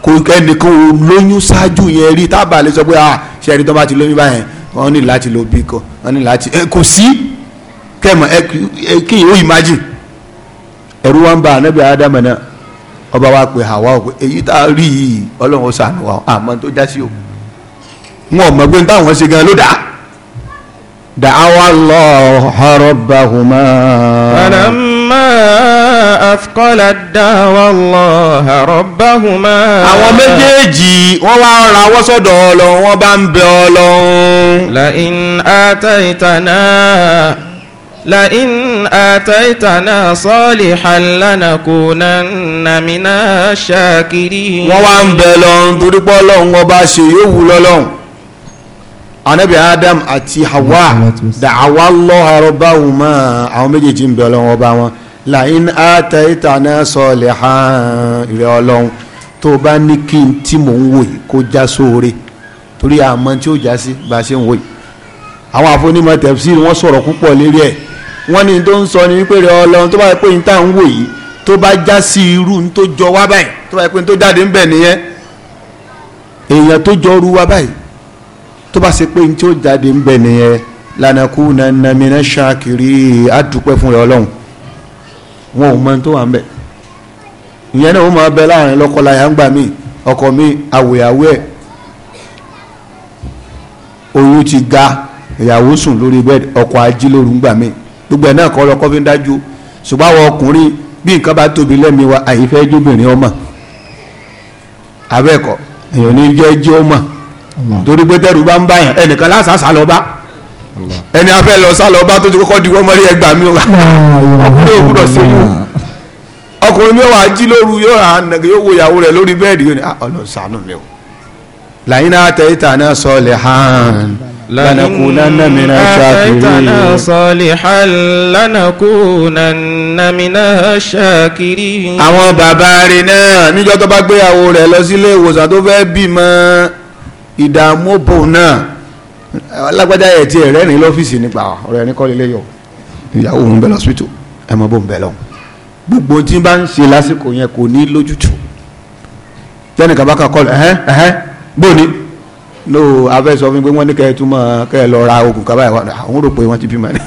kò ẹnìkan ò lóyún ṣáájú yẹn rí tábà lè sọ pé ah ṣẹ́ẹ̀rí tó bá ti lóyún báyẹn wọ́n ní láti lo bí kan wọ́n ní láti kò sí kẹ́mọ̀ ẹ kí n ó imagine ẹ̀rú wa ń bá Ádámà náà ọba wa pé àwa ò pé èyí tá a rí yìí ọlọ́run ó sànù wa àmọ́ tó já sí o wọn ò mọ̀ pé táwọn ṣe gan ló dà dàáwá lọ rabbahuma. falamma afqala dàáwá lọ rabbahuma. àwọn méjèèjì wọ́n wá ń rawọ́ sọ́dọ̀ ọlọ́run wọ́n bá ń bẹ ọlọ́run. la in ataitana. لئن آتيتنا صالحا لنكونن من الشاكرين wọ́n wá ń bẹ lọ́n torí pé ọlọ́run ọba ṣe yóò wù lọ́lọ́run anabi adam àti hawa dàwa lọ́ha rabbahuma àwọn méjèèjì ń bẹ ọlọ́run ọba wọn la'in ataytana salihan ìrẹ́ ọlọ́run tó bá ní kí n tí mò ń wò kó já sóore torí àmọ́ tí ó já sí bá a ṣe ń wò àwọn àfonímọ̀ tafsir wọ́n sọ̀rọ̀ púpọ̀ lérí ẹ̀ wọ́n ní tó ń sọ ni wípé rẹ ọlọ́run tó bá yẹ pé n tá ń wò yìí tó bá já sí irú n tó jọ wá báyìí tó bá yẹ pé n tó jáde ń bẹ̀ nìyẹn èèyàn tó jọ ru wá báyìí tó bá ṣe pé n tí ó jáde ń bẹ̀ nìyẹn lànàkú nànàmínà ṣàkiri àdúpẹ́ fún rẹ ọlọ́run wọn ò mọ tó wà ń bẹ̀ ìyẹn náà ó máa bẹ láàrin lọ́kọláya ń gbà mí ọkọ mi àwòyàwó ẹ̀ oyún ti ga ìyàwó sùn lórí bẹ́ẹ̀ ọkọ ajílóru gbà míì gbogbo ẹ̀ náà kọ́ lọ́kọ́ fi ń dájú ṣùgbọ́n àwọn ọkùnrin bí nǹkan bá tóbi lẹ́mi wa àyífẹ́ jóbìnrin ọmọ abẹ́ẹ̀kọ́ èèyàn ní jẹ́ jẹ́ ọmọ torí pé tẹ́rù bá ń báyàn ẹnìkan lásàásà lọ bá ẹni afẹ́ lọ sá lọ bá tó ti kọ́kọ́ di wọ́n mọ́rí ẹgbàá mi ọkùnrin òkúrọ̀ sí ọkùnrin mi wà á jí lóru yóò hàn nàgẹ́ yóò wo ìyàwó rẹ̀ lórí bẹ́ẹ̀dì yóò ní ah, ọlọ́sàánú mi o làyín náà náà sọ lẹ̀ hàn لنكونن من الشاكرين آتيتنا صالحا لنكونن من الشاكرين àwọn bàbá rẹ̀ náà níjọ́ tó bá gbéyàwó rẹ̀ lọ sílé ìwòsàn tó fẹ́ bímọ ìdààmú bò náà alágbádá ẹ̀ tí ẹ̀rẹ́ ní lọ́fíìsì nípa ọ̀rọ̀ ní kọ́ lélẹ́yọ̀ ìyàwó òun bẹ̀ lọ́sítò ẹ̀ mọ́ bò ń bẹ̀ lọ gbogbo tí bá ń ṣe lásìkò yẹn kò ní lójútùú tẹ́nìkan bá kà kọ́ lẹ̀ ẹ̀hẹ́ ẹ̀hẹ́ bóni no abẹ́ sọ fún mi pé wọ́n ní kẹ́ ẹ túmọ̀ kẹ́ ẹ lọ ra oògùn kaba ìwà àwọn rò pé ti bímọ ni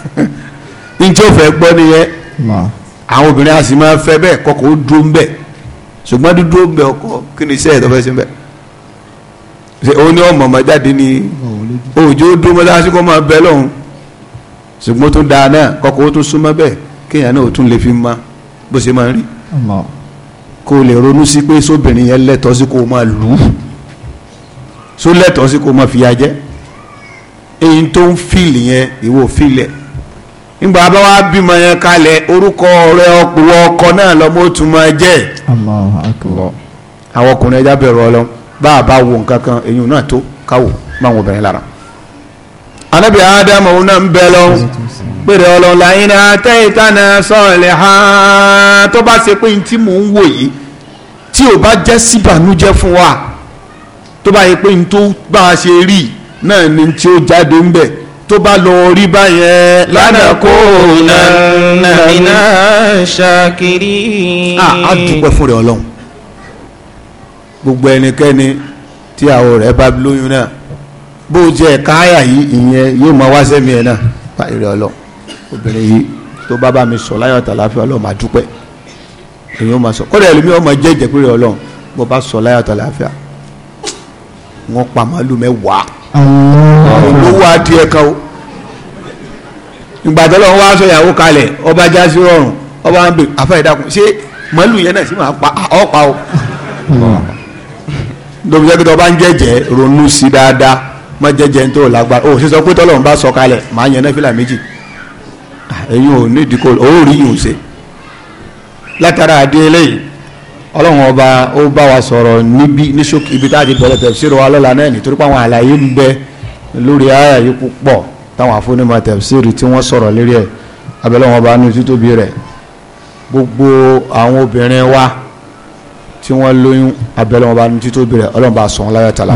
n tí ó fẹ́ gbọ́ nìyẹn àwọn obìnrin a sì máa fẹ́ bẹ́ẹ̀ kọkọ̀ ó dúró ń bẹ̀ ṣùgbọ́n dúdú ń bẹ̀ ọkọ kí ni iṣẹ́ ìtọ́fẹ́ sí ń bẹ̀ ṣe ó ní ọmọ ọmọ jáde ní òjò dúró mọ́ láti kọ́ máa bẹ lọ́hùn ṣùgbọ́n tó dáa náà kọkọ̀ ó tún súnmọ́ bẹ́ẹ̀ kéèyàn náà ó tún lè fi mọ bó ṣe máa rí kó lè ronú sí pé sóbìnrin yẹn lẹ́tọ̀ọ́ sí kó máa lù ú so lẹ́tọ̀ọ́ sí kó má fìyà èyí tó ń fìlì yẹn ìwọ nígbà bá wá bímọ yẹn kalẹ̀ orúkọ ọ̀rẹ́ ọ̀pọ̀wọ́ náà lọ́mọ ó tún jẹ́ àwọn ọkùnrin ẹja bẹ̀rù ọlọ́run bá a bá wo nǹkan kan èyí náà tó máa wọ lára anabi adamu ọ̀hún náà ń bẹ lọ náà tẹ́ tó bá ṣe pé tí mò ń wò yìí tí ò bá jẹ́ wa tó bá yẹ pé n tó bá a ṣe rí náà ni tí ó jáde ń bẹ̀ tó bá lọ rí báyẹn. lánàá kó nà mí náà ṣàkiri. a dúpẹ́ fún rẹ̀ ọlọ́run gbogbo ẹnikẹ́ni tí àwọ̀ rẹ̀ bá lóyún náà bó jẹ́ ẹ̀ka àyà yìí ìyẹn yóò máa wá sẹ́mi ẹ̀ náà báyìí rẹ̀ ọlọ́run obìnrin yìí tó bá bá mi sọ láyọ̀ tà láfi ọlọ́run máa dúpẹ́ èyí ó máa sọ kọ́dà ẹlòmíràn máa jẹ́ ìjẹ́pẹ́rẹ́ ọlọ́run bó bá sọ láyọ̀ tà láfi ọlọ́run wọ́n pa màálù mẹ́wàá olówó adìẹ kan o ìgbà tó lọ́wọ́ wá sọ ìyàwó kalẹ̀ ọba jásí rọrùn ọba ń bè afẹ́dàkùn ṣé màálù yẹn náà sì máa pa ọ̀pá o lóbi jẹ́ pé tọ́ba ń jẹ́jẹ́ ronú sí dáadáa má jẹ́jẹ́ ń tó lágbára o ṣe sọ pé tọ́lọ́run bá sọ kalẹ̀ màá yẹn náà fìlà méjì ah, ẹ̀yin ò ní ìdíkò òórì yìí ò ṣe látara àdé eléyìí ọlọ́run ọba ó bá wa sọ̀rọ̀ níbi ní ṣókí ibi tá a ti bẹ̀rẹ̀ tẹ̀síìrì wa lọ́la náà nítorí pé àwọn àlàyé ń bẹ lórí àyà yìí púpọ̀ táwọn afúnímọ̀ tẹ̀síìrì tí wọ́n sọ̀rọ̀ lérí ẹ̀ abẹ́lẹ́wọ̀n ọba ní títóbi rẹ̀ gbogbo àwọn obìnrin wa tí wọ́n lóyún abẹ́lẹ́wọ̀n ọba ní títóbi rẹ̀ ọlọ́run bá sọ̀ wọ́n láyọ̀ tàlà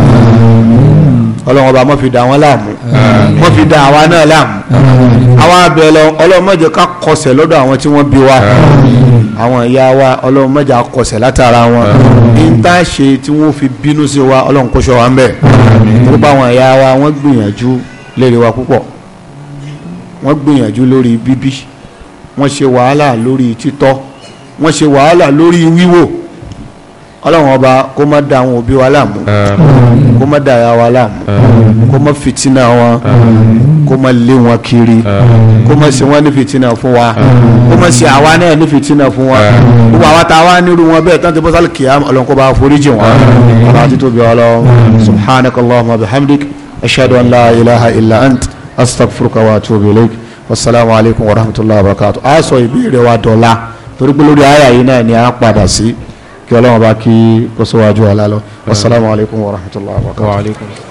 ọlọ́run ọba mọ́ fi dà wọ́n láàmú mọ́ fi dà àwa náà láàmú àwọn abẹ́lẹ́ ọlọ́run má ká kọsẹ̀ lọ́dọ̀ àwọn tí wọ́n bí wa àwọn ìyá wa ọlọ́run mẹ́jà kọsẹ̀ látara wọn ní tá a ṣe tí wọ́n fi bínú sí wa ọlọ́run kó ṣọ́ wa ń bẹ̀ nípa àwọn ìyá wa wọ́n gbìyànjú lérí wa púpọ̀ wọ́n gbìyànjú lórí bíbí wọ́n ṣe wàhálà lórí títọ́ wọ́n ṣe wàhálà lórí wíwò ọlọ́run ọba kó má da àwọn òbí wa láàmú kó má da ìyá wa láàmú kó má fìtínà wọn kó má lé wọn kiri kó má ṣe wọn ní fìtínà fún wa kó má ṣe àwa náà ní fìtínà fún wa gbogbo àwa tá a wá nírú wọn bẹ́ẹ̀ tán ti bọ́sálì kìá ọlọ́run kó bá foríjì wọn ọlọ́run àti tóbi ọlọ́run subhanakallahumma bihamdik ashhadu an la ilaha illa ant astaghfiruka wa atubu ilaik wasalaamu alaykum wa rahmatulahi wa barakatuh a sọ wa dọ̀la torí pé lórí àyà yìí náà ni a padà sí kí ọlọ́run bá kí kó sọ wájú wa lálọ wasalaamualeykum wa rahmatulahi wa barakatuh.